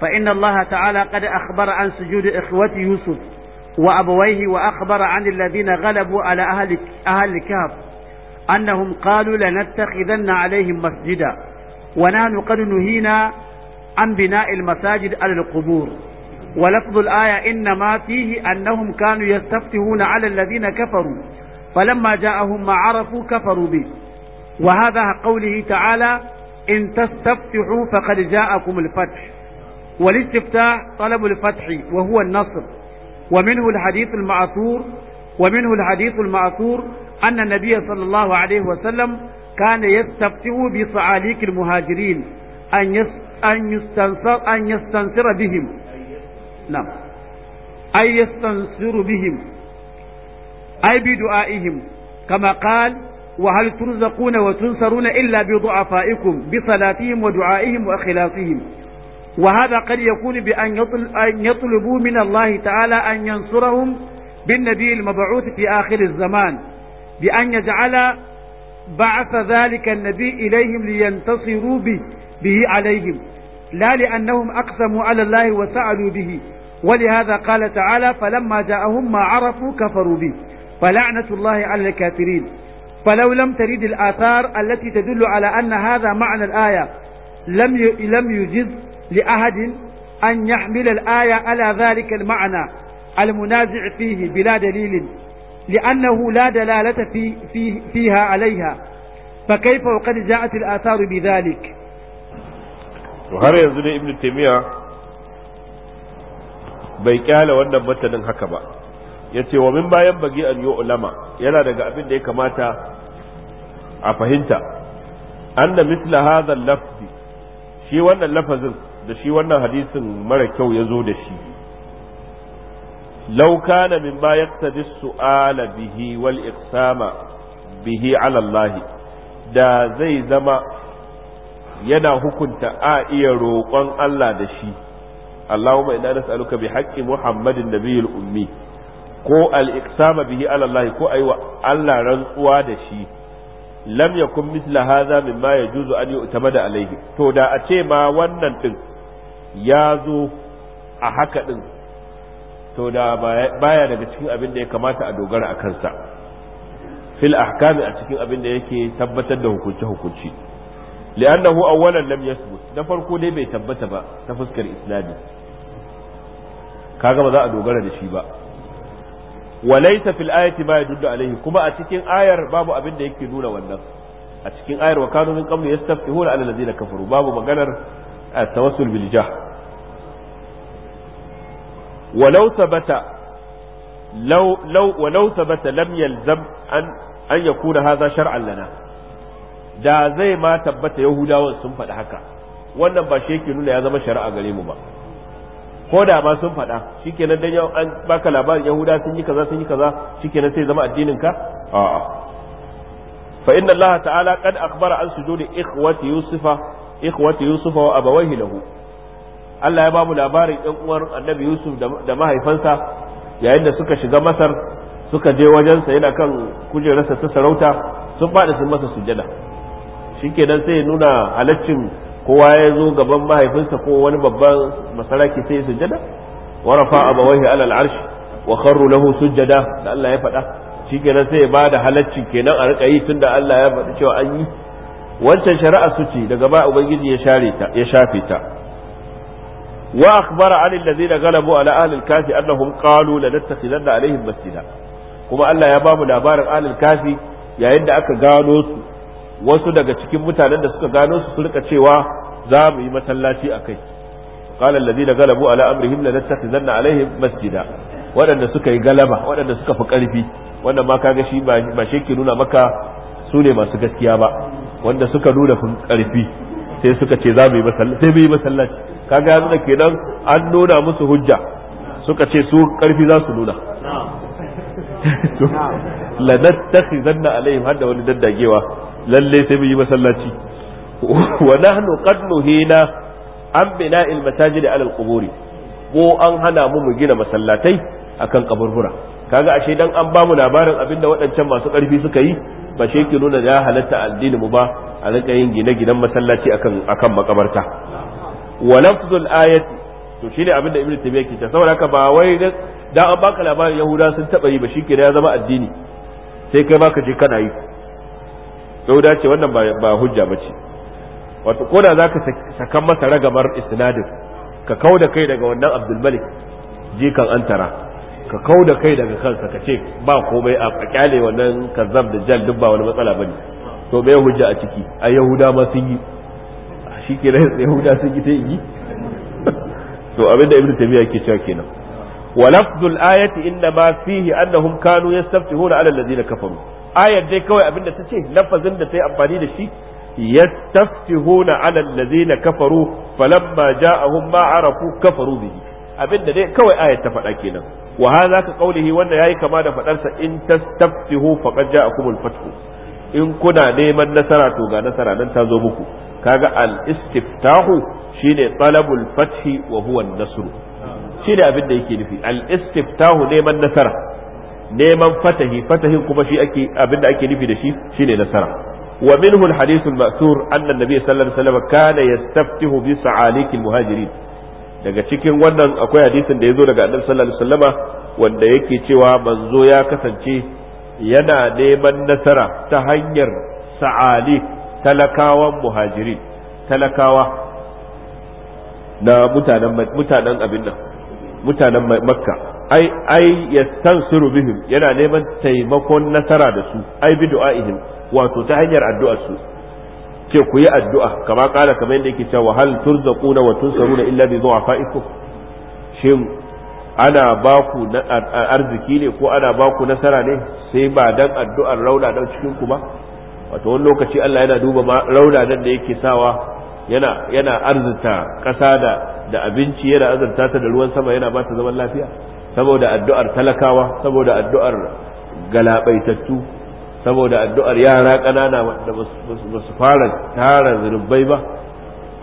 فإن الله تعالى قد أخبر عن سجود إخوة يوسف وأبويه وأخبر عن الذين غلبوا على أهل, أهل أنهم قالوا لنتخذن عليهم مسجدا ونحن قد نهينا عن بناء المساجد على القبور ولفظ الآية إنما فيه أنهم كانوا يستفتحون على الذين كفروا فلما جاءهم ما عرفوا كفروا به وهذا قوله تعالى إن تستفتحوا فقد جاءكم الفتح والاستفتاح طلب الفتح وهو النصر ومنه الحديث المعثور ومنه الحديث المعثور أن النبي صلى الله عليه وسلم كان يستفتئ بصعاليك المهاجرين أن يس أن يستنصر أن يستنصر بهم نعم أن يستنصر بهم أي بدعائهم كما قال وهل ترزقون وتنصرون إلا بضعفائكم بصلاتهم ودعائهم وإخلاصهم وهذا قد يكون بأن يطل أن يطلبوا من الله تعالى أن ينصرهم بالنبي المبعوث في آخر الزمان بأن يجعل بعث ذلك النبي إليهم لينتصروا به, به عليهم لا لأنهم أقسموا على الله وسألوا به ولهذا قال تعالى فلما جاءهم ما عرفوا كفروا به فلعنة الله على الكافرين فلو لم ترد الآثار التي تدل على أن هذا معنى الآية لم لم يجز لأحد أن يحمل الآية على ذلك المعنى المنازع فيه بلا دليل لأنه لا دلالة في في فيها عليها فكيف to har yanzu بذلك وهر يزن ابن تيمية بيكال وانا متن هكذا yace wa min bayan bagi an ulama yana daga abin da ya kamata a fahimta anna mithla hadha al shi wannan lafazin da shi wannan hadisin mara kyau ya zo da shi لو كان مما يقتضي السؤال به والإقسام به على الله da zai zama yana hukunta a iya roƙon Allah da shi Allahumma inna nas'aluka bi haqqi Muhammadin nabiyul ummi ko al-iqsama bihi ala ko a yiwa Allah rantsuwa da shi lam yakun mithla hadha mimma yajuzu an yu'tamada alayhi to da a ce ma wannan ɗin ya zo a haka ɗin. sau da baya daga cikin abin da ya kamata a dogara a kansa fil ahkami a cikin abin da yake tabbatar da hukunci hukunci li'annahu awwalan lam yasbut na farko dai bai tabbata ba ta fuskar isnadi kaga ba za a dogara da shi ba walaysa fil ayati ma yadullu alayhi kuma a cikin ayar babu abin da yake nuna wannan a cikin ayar wa kanu min qablu yastafihuna ala allazina kafaru babu maganar at-tawassul bil jah ولو ثبت لو لو ولو ثبت لم يلزم an an yakuna هذا shar'an lana da zai ma tabbata yahudawan sun faɗi haka wannan ba shi yake nuna ya zama shari'a gare mu ba ko da ma sun faɗa shikenan dan yau an baka labarin yahuda sun yi kaza sun yi kaza shikenan sai zama addinin ka a'a fa inna allaha ta'ala qad akhbara an sujudi ikhwati yusufa ikhwati yusufa wa abawayhi lahu Allah ya babu labarin ɗan uwar annabi Yusuf da mahaifansa yayin da suka shiga Masar suka je wajensa yana kan kujerarsa ta sarauta sun faɗi sun masa sujada shikenan sai ya nuna halaccin kowa ya zo gaban mahaifinsa ko wani babban masaraki sai ya sujada wa rafa abawaihi ala al'arsh wa kharru lahu sujada da Allah ya faɗa shikenan sai ya bada halacci kenan a rika yi tunda Allah ya faɗi cewa an yi wancan shari'a su ce daga ba ubangiji ya share ta ya shafe ta wa akhbara an allazina galabu ala ahli al-kafi annahum qalu lanattakhidanna alaihim masjida kuma Allah ya bamu labarin ahli al-kafi yayin da aka gano su wasu daga cikin mutanen da suka gano su su rika cewa za mu yi masallaci a akai qala allazina galabu ala amrihim lanattakhidanna alaihim masjida waɗanda suka yi galaba waɗanda suka fi ƙarfi wanda ma kaga shi ba shi ke nuna maka su ne masu gaskiya ba wanda suka nuna fi ƙarfi sai suka ce za mu yi masallaci sai mu yi masallaci kaga yanzu da kenan an nuna musu hujja suka ce su karfi za su nuna zanna alaihim hadda wani daddagewa lalle sai mu yi masallaci wa nahnu qad nuhina an bina'il masajidi ala alquburi ko an hana mu mu gina masallatai akan kaburbura kaga ashe dan an ba mu labarin abinda waɗancan masu karfi suka yi ba shi ke nuna ya halatta addinin mu ba a rika yin gine-ginen masallaci akan akan makabarta wa lafzul ayati to shine abin da ibnu tabiya ke ta saboda haka ba wai da an baka labarin yahuda sun taba yi ba shike da ya zama addini sai kai baka je kana yi da ce wannan ba hujja bace wato ko da zaka sakan masa ragamar isnadin ka kau da kai daga wannan abdul malik kan antara ka kau kai daga kansa ka ce ba komai a kyale wannan kazzab da jal duk ba wani matsala bane to bai hujja a ciki a yahuda ma sun yi shi ke nan yahuda sun yi ta yi to da ibnu taymiya ke cewa kenan wa lafzul ayati inna ma fihi annahum kanu yastaftihuna ala allazina kafaru ayar dai kawai abinda ta ce lafazin da ta yi amfani da shi yastaftihuna ala na kafaru falamma ja'ahum ma arafu kafaru bihi da dai kawai ayar ta faɗa kenan wa hadha ka qawlihi wanda yayi kama da faɗarsa in tastaftihu faqad ja'akumul fathu in kuna neman nasara to ga nasara nan ta zo muku kaga al-istiftahu shine talabul fathi wa huwa an-nasr shine abin da yake nufi al-istiftahu neman nasara neman fatahi fatahin kuma shi ake abin da ake nufi da shi shine nasara wa minhu al-hadith al-ma'thur anna an-nabiy sallallahu alaihi wasallam kana yastaftihu bi sa'alik al-muhajirin daga cikin wannan akwai hadisin da yazo daga annabi sallallahu alaihi wasallama wanda yake cewa manzo ya kasance yana neman nasara ta hanyar sa'alik talakawan muhajirin talakawa na mutanen abin nan mutanen makka ai ai yastansiru bihim yana neman taimakon nasara da su ai bi du'a'ihim wato ta hanyar addu'a su ce ku yi addu'a kama kala kamar yadda yake cewa hal turzaquna wa tunsaruna illa bi du'afaikum shin ana ba ku arziki ne ko ana ba ku nasara ne sai ba dan addu'ar rauna dan cikin ku ba wato wani lokaci Allah yana duba raunanan da yake sawa yana yana arzuta ƙasa da abinci yana azurta ta da ruwan sama yana ba ta zaman lafiya saboda addu'ar talakawa saboda addu'ar galabaitattu saboda addu'ar yara ƙanana da ba fara tara zurbai ba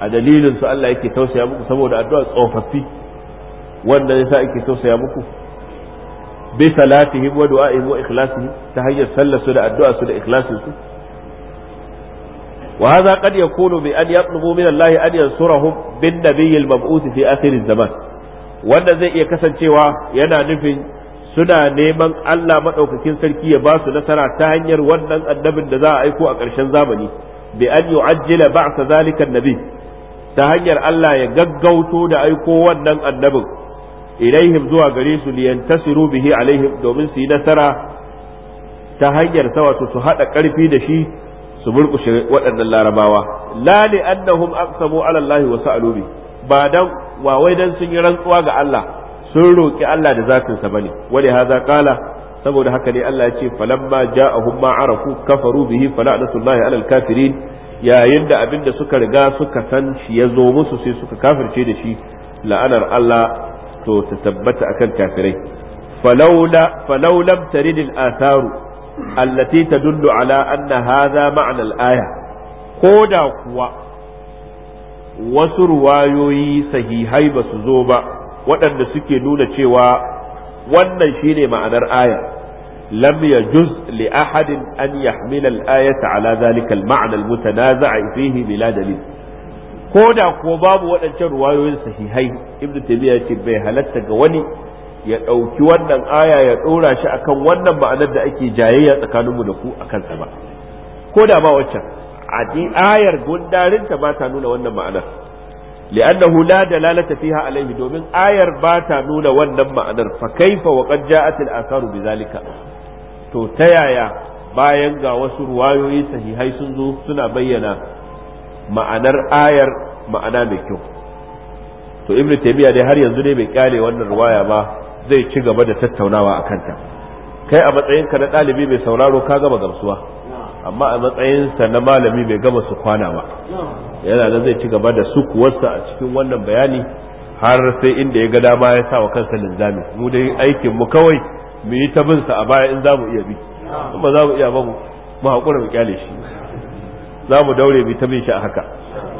a dalilin su Allah yake tausaya muku saboda addu'ar tsofaffi wanda yasa yake tausaya muku bi salatihim wa du'a'ihim wa ikhlasihim ta hanyar sallar su da addu'ar su da ikhlasin su wa hadha qad yakunu bi an yatlubu min Allah an bin nabiyil mab'uth fi akhir zaman wanda zai iya kasancewa yana nufin suna neman Allah maɗaukakin sarki ya ba su nasara ta hanyar wannan annabin da za a aiko a ƙarshen zamani bi an yu'ajjila zalikan zalika annabi ta hanyar Allah ya gaggauto da aiko wannan annabin ilaihim zuwa gare su liyantasiru bihi alaihim domin su yi nasara ta hanyar sa wato su haɗa ƙarfi da shi su burkushe waɗannan larabawa la li annahum aqsamu ala Allah wa sa'alu bi ba dan wa wai dan sun yi rantsuwa ga Allah sun roki Allah da zatin sa bane wani haza ƙala? saboda haka ne Allah ya ce falamma ja'ahum ma arafu kafaru bihi fala'natullahi ala al-kafirin yayin da abin da suka riga suka san shi ya zo musu sai suka kafirce da shi la'anar Allah to ta tabbata akan kafirai falawla falawlam taridil atharu allati tadullu ala anna hadha ma'na al-aya ko da kuwa wasu ruwayoyi sahihai ba su zo ba waɗanda suke nuna cewa wannan shine ma'anar aya lam yajuz li ahadin an yahmila al-ayata ala ma'anar mutana za a yi fihi bila dalil ko da kuwa babu waɗancan ruwayoyin sahihai ibnu taymiya ce bai halatta ga wani ya ɗauki wannan aya ya ɗora shi akan wannan ma'anar da ake jayayya tsakaninmu da ku a kansa ba ko da ba waccan ayar gundarinta ba ta nuna wannan ma'anar fiha لأنه domin ayar ba ta nuna wannan ma'anar fa kaifa wa qad ja'at al asaru bizalika. to ta yaya bayan ga wasu ruwayoyi sahihai sun zo suna bayyana ma'anar ayar ma'ana mai kyau to ibnu taymiya dai har yanzu ne bai kyale wannan ruwaya ba zai ci gaba da tattaunawa a kanta kai a matsayinka na ɗalibi mai sauraro ka gama gamsuwa amma a matsayin sa na malami mai gama su kwana ba yana da zai ci gaba da su kuwarsa a cikin wannan bayani har sai inda ya ga dama ya sa wa kansa linzami mu dai aikin mu kawai mu yi ta binsa a baya in za mu iya bi in ba za mu iya ba mu haƙura mu kyale shi za mu daure mu ta bin shi a haka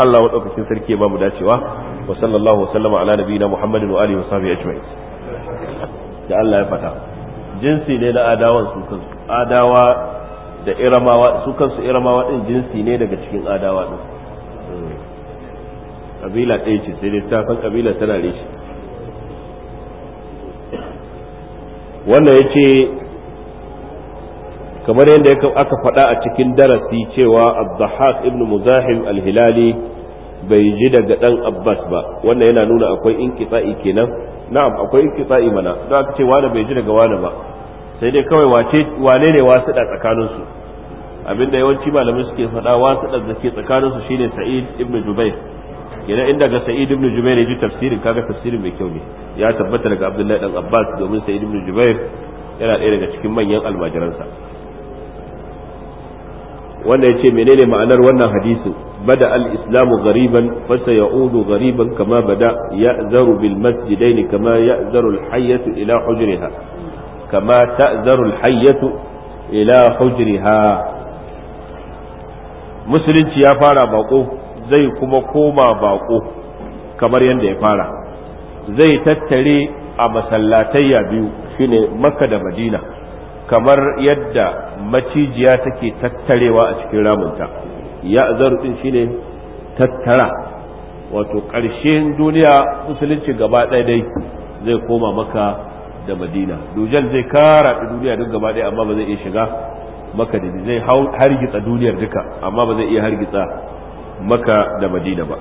Allah wa ɗaukacin sarki ya ba mu dacewa wa sallallahu wa sallama ala nabiyina Muhammadin wa alihi wa sahbihi ajma'in da Allah ya faɗa jinsi ne na adawan su kansu adawa da iramawa su kansu iramawa din jinsi ne daga cikin adawa din eh. kabila ɗaya ce sai dai ta san kabila tana shi wannan ya ce kamar yadda aka faɗa a cikin darasi cewa abdahak ibn muzahim al-hilali bai ji daga ɗan abbas ba wannan yana nuna akwai in kenan na'am akwai inkitsa'i mana don aka ce wani bai ji daga wani ba sai dai kawai wace wane ne da tsakanin su abinda yawanci malamai suke faɗa wasu da zake tsakanin shine sa'id ibn jubair idan inda ga sa'id ibn jubair ya ji tafsirin kaga tafsirin mai kyau ne ya tabbata daga abdullahi dan abbas domin sa'id ibn jubair yana ɗaya daga cikin manyan almajiransa wanda ya ce menene ma'anar wannan hadisin بدا الاسلام غريبا فسيعود غريبا كما بدا يأذر بالمسجدين كما يأذر الحية الى حجرها كما تأذر الحية الى حجرها musulunci ya fara bako zai kuma koma bako kamar yadda ya fara zai tattare a masallatayya biyu shine makka da madina kamar yadda macijiya take tattarewa a cikin ramunta ya'zaru din shine tattara wato ƙarshen duniya musulunci gaba ɗaya dai zai koma maka da madina dujal zai kara duniya duk gaba ɗaya amma ba zai iya shiga maka da zai hargitsa duniyar duka amma ba zai iya hargitsa maka da madina ba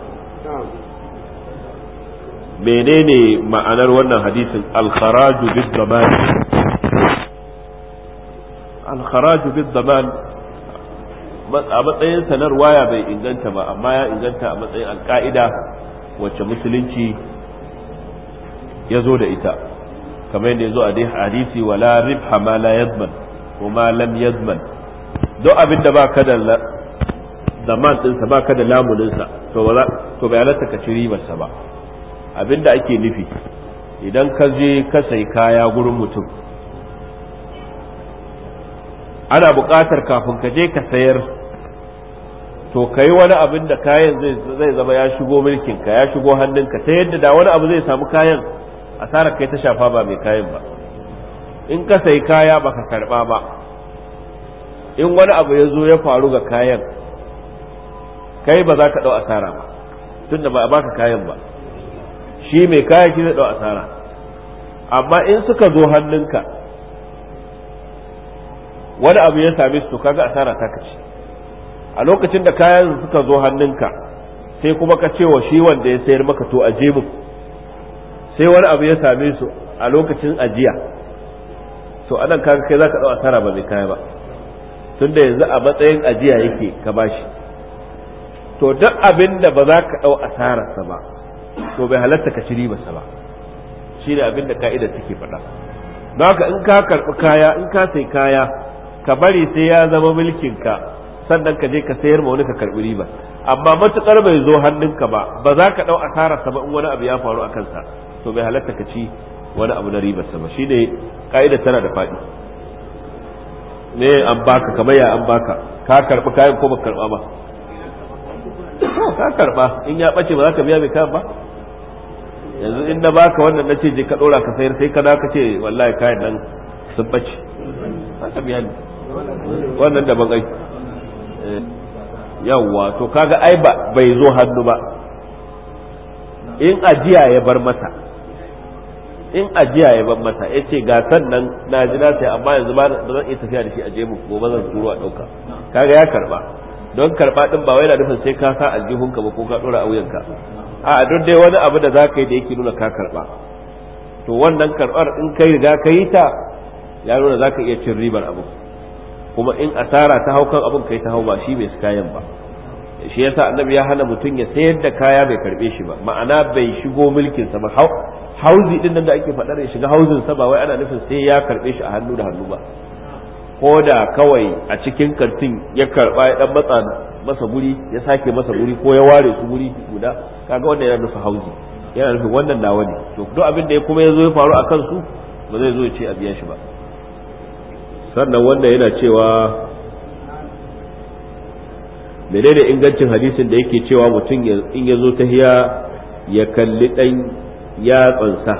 menene ma'anar wannan hadisin alkharaju bid zaman alkharaju bid zaman a matsayin sanarwa waya bai inganta ba amma ya inganta a matsayin alka'ida wacce musulunci ya zo da ita kamar yadda ya zo a hadisi wala ribha ma la yazman kuma lam yazman duk abin da baka da zaman ɗinsa baka da lamuninsa to bai halatta ka ci ribarsa ba abin da ake nufi idan ka je ka sai kaya gurin mutum ana buƙatar kafin ka je ka sayar to kai wani abin da kayan zai zama ya shigo mulkin ka ya shigo hannunka ta yadda da wani abu zai samu kayan asarar kai ta shafa ba mai kayan ba in ka sai kaya baka karba ba in wani abu ya zo ya faru ga kayan kai ba za ka dau asara ba tunda ba a baka kayan ba shi mai kaya shi zai dau asara amma in suka zo hannunka wani abu ya same su to kaga asara ta kace a lokacin da kayan suka zo hannunka sai kuma ka ce wa shi wanda ya sayar maka to aje mu sai wani abu ya same su a lokacin ajiya to anan kaga kai zaka dau asara ba mai kaya ba tunda yanzu a matsayin ajiya yake ka bashi to duk abin da ba za ka dau asararsa ba to bai halatta ka ci ribarsa ba shi ne abin da ka'idar take faɗa don haka in ka karɓi kaya in ka sai kaya ka bari sai ya zama mulkin ka sannan ka je ka sayar ma wani ka karbi riba amma matukar bai zo hannunka ba ba za ka dau asararsa ba in wani abu ya faru a kansa to bai halatta ka ci wani abu na ribarsa ba shine ka'ida tana da faɗi Me an baka kamar ya an baka ka karbi kayan ko baka karba ba ka karba in ya bace ba za ka biya mai kayan ba yanzu in na baka wannan na ce je ka dora ka sayar sai ka da ka ce wallahi kayan nan sun bace ka biya ni wannan daban bangai yawwa to kaga ai ba bai zo hannu ba in ajiya ya bar mata in ajiya ya bar mata ya ce ga sannan na ji na sai amma yanzu ba zan iya tafiya da shi a mu gobe zan turo a ɗauka kaga ya karba don karba din ba wai yana nufin sai ka sa aljihunka ba ko ka ɗora wuyanka a duk dai wani abu da za ka yi da yake nuna ka karba to wannan karbar in kai riga ka yi ta ya nuna za ka iya cin ribar abu kuma in asara ta hau kan abin kai ta hau ba shi mai kayan ba shi yasa annabi ya hana mutum ya sayar da kaya bai karbe shi ba ma'ana bai shigo mulkin sa ba hauzi din nan da ake faɗa ya shiga hauzin sa ba wai ana nufin sai ya karbe shi a hannu da hannu ba ko da kawai a cikin kantin ya karba ya dan matsa masa guri ya sake masa guri ko ya ware su guri guda kaga wannan yana nufin hauzi yana nufin wannan nawa ne to duk abin da ya kuma ya zo ya faru a kansu ba zai zo ya ce a biya shi ba sannan wanda yana cewa menene ingancin hadisin da yake cewa mutum in ya zo tahiya ya kalli ɗan yatsansa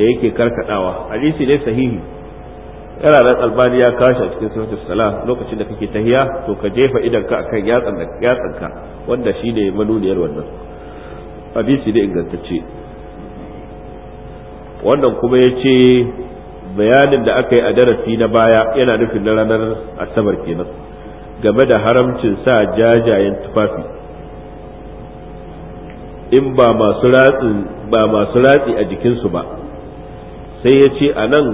da yake karkadawa hadisi ne sahihi yana da albani ya kashi a cikin suratul salah lokacin da kake tahiya to ka jefa ka akan yatsan ka wanda shine manuniyar wannan hadisi ne ingantacce wannan kuma yace bayanin da aka yi a darasi na baya yana nufin na ranar asabar kenan game da haramcin sa jajayen tufafi in ba masu ratsi a jikinsu ba sai ya ce a nan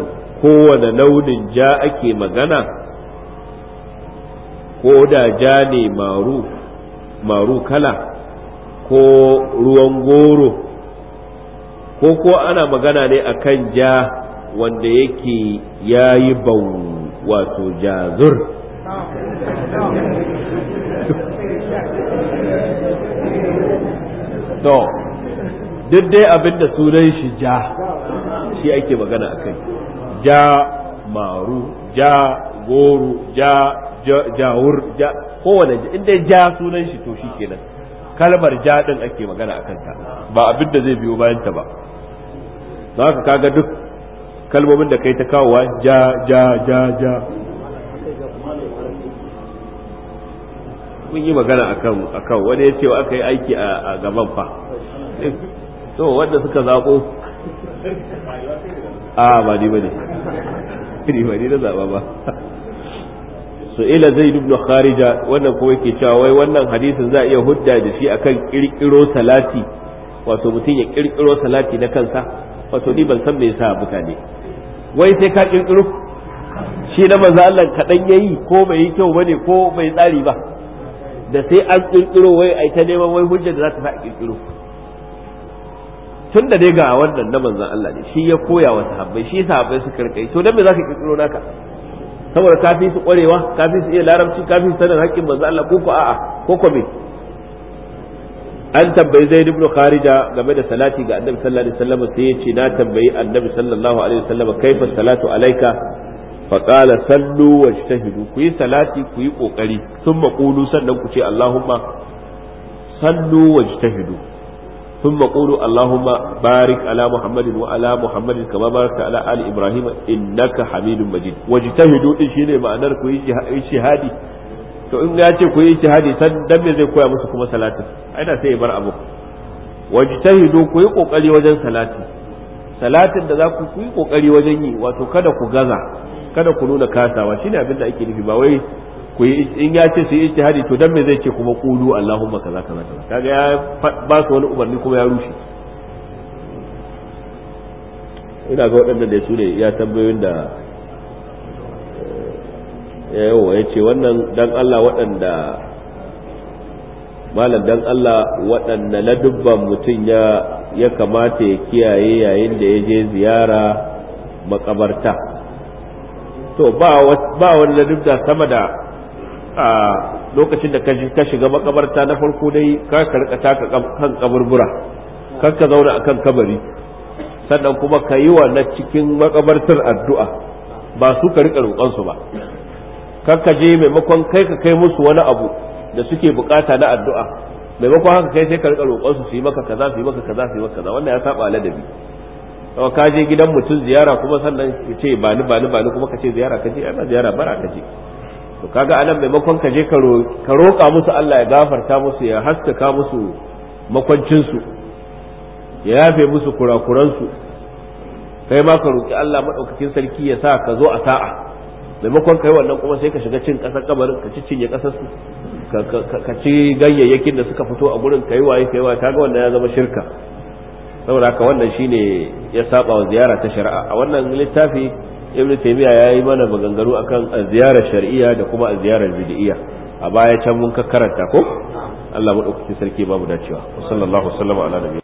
kowane launin ja ake magana ko da ja ne maru maru kala ko ruwan goro ko ko ana magana ne akan ja wanda yake yi bau wato jazur to duk dai abin da sunan shi ja shi ake magana a kai ja maru ja goru ja jawur ja kowane inda ja sunan shi to shi kenan kalmar ja ɗin ake magana a kanta ba abin da zai biyo bayanta ba za ka kaga duk kalmomin da kai ta kawowa ja ja ja ja mun yi magana akan akan wani ya ce wa aka yi aiki a gaban fa to wanda suka zaɓo. a ba ni bane ni ba ni na zaɓa ba ila zai ibn kharija wannan kuma yake cewa wai wannan hadisin za a iya hudda da shi akan kirkiro salati wato mutum ya kirkiro salati na kansa wato ni ban san me yasa mutane wai sai ka kirkiro shi na manzo Allah kadan yayi ko bai yi kyau bane ko bai tsari ba da sai an kirkiro wai ai ta neman wai hujja da za ta fa kirkiro tunda dai ga wannan na manzo Allah ne shi ya koya wa sahabbai shi sahabbai su karkai to dan me zaka kirkiro naka saboda ka fi su kwarewa ka su iya larabci ka su sanin haƙƙin manzo Allah ko ko a'a ko ko me an tambayi zaid ibn kharija game da salati ga annabi sallallahu alaihi wasallam sai ya ce na tambayi annabi sallallahu alaihi wasallam kaifa salatu alaika fa qala sallu wajtahidu ku yi salati ku yi kokari thumma qulu sannan ku ce allahumma sallu wajtahidu ala Muhammadin اللهم بارك على محمد وعلى محمد كما باركت على hamidun إبراهيم إنك حميد مجيد shine ma'anar ku yi shahadi. to in ya ce ku yi ijtihadi san dan me zai koya musu kuma salatin ai da sai ya bar abu wajtahidu ku yi kokari wajen salati salatin da za ku yi kokari wajen yi wato kada ku gaza kada ku nuna kasawa shine abin da ake nufi ba wai ku yi in ya ce su yi ijtihadi to dan me zai ce kuma qulu allahumma kaza kaza kaga ya ba su wani umarni kuma ya rushe ina ga waɗanda da su ne ya tambayoyin da yawo ya ce wannan dan Allah waɗanda malam dan Allah waɗanda ladubban mutum ya kamata ya kiyaye yayin da ya je ziyara makabarta to ba wani ladubda sama da a lokacin da ka shiga makabarta na farko dai ka karka ka kan kaburbura kan ka zauna akan kabari sannan kuma ka yi wa na cikin makabartar addu'a ba su ka riƙa roƙonsu ba kakka je maimakon kai ka kai musu wani abu da suke bukata na addu'a maimakon haka kai sai ka rika roƙon su su yi maka kaza su yi maka kaza su yi maka kaza wannan ya saba ladabi to ka je gidan mutum ziyara kuma sannan ya ce bani bani bani kuma ka ce ziyara ka je ai ba ziyara bara ka je to kaga anan maimakon ka je ka roƙa musu Allah ya gafarta musu ya haskaka musu makwancinsu ya yafe musu kurakuransu kai ma ka roƙi Allah Madaukakin sarki ya sa ka zo a sa'a maimakon kai wannan kuma sai ka shiga cin kasar kabarin ka ci cinye kasar su ka ci ganyayyakin da suka fito a gurin kai waye kai waye kaga wannan ya zama shirka saboda haka wannan shine ya saba wa ziyara ta shari'a a wannan littafi ibnu ya yi mana maganganu akan eh, ziyara shar'iya da kuma ziyara bid'iyya a baya can mun ka karanta ko Allah madaukakin sarki babu dacewa sallallahu alaihi wa ala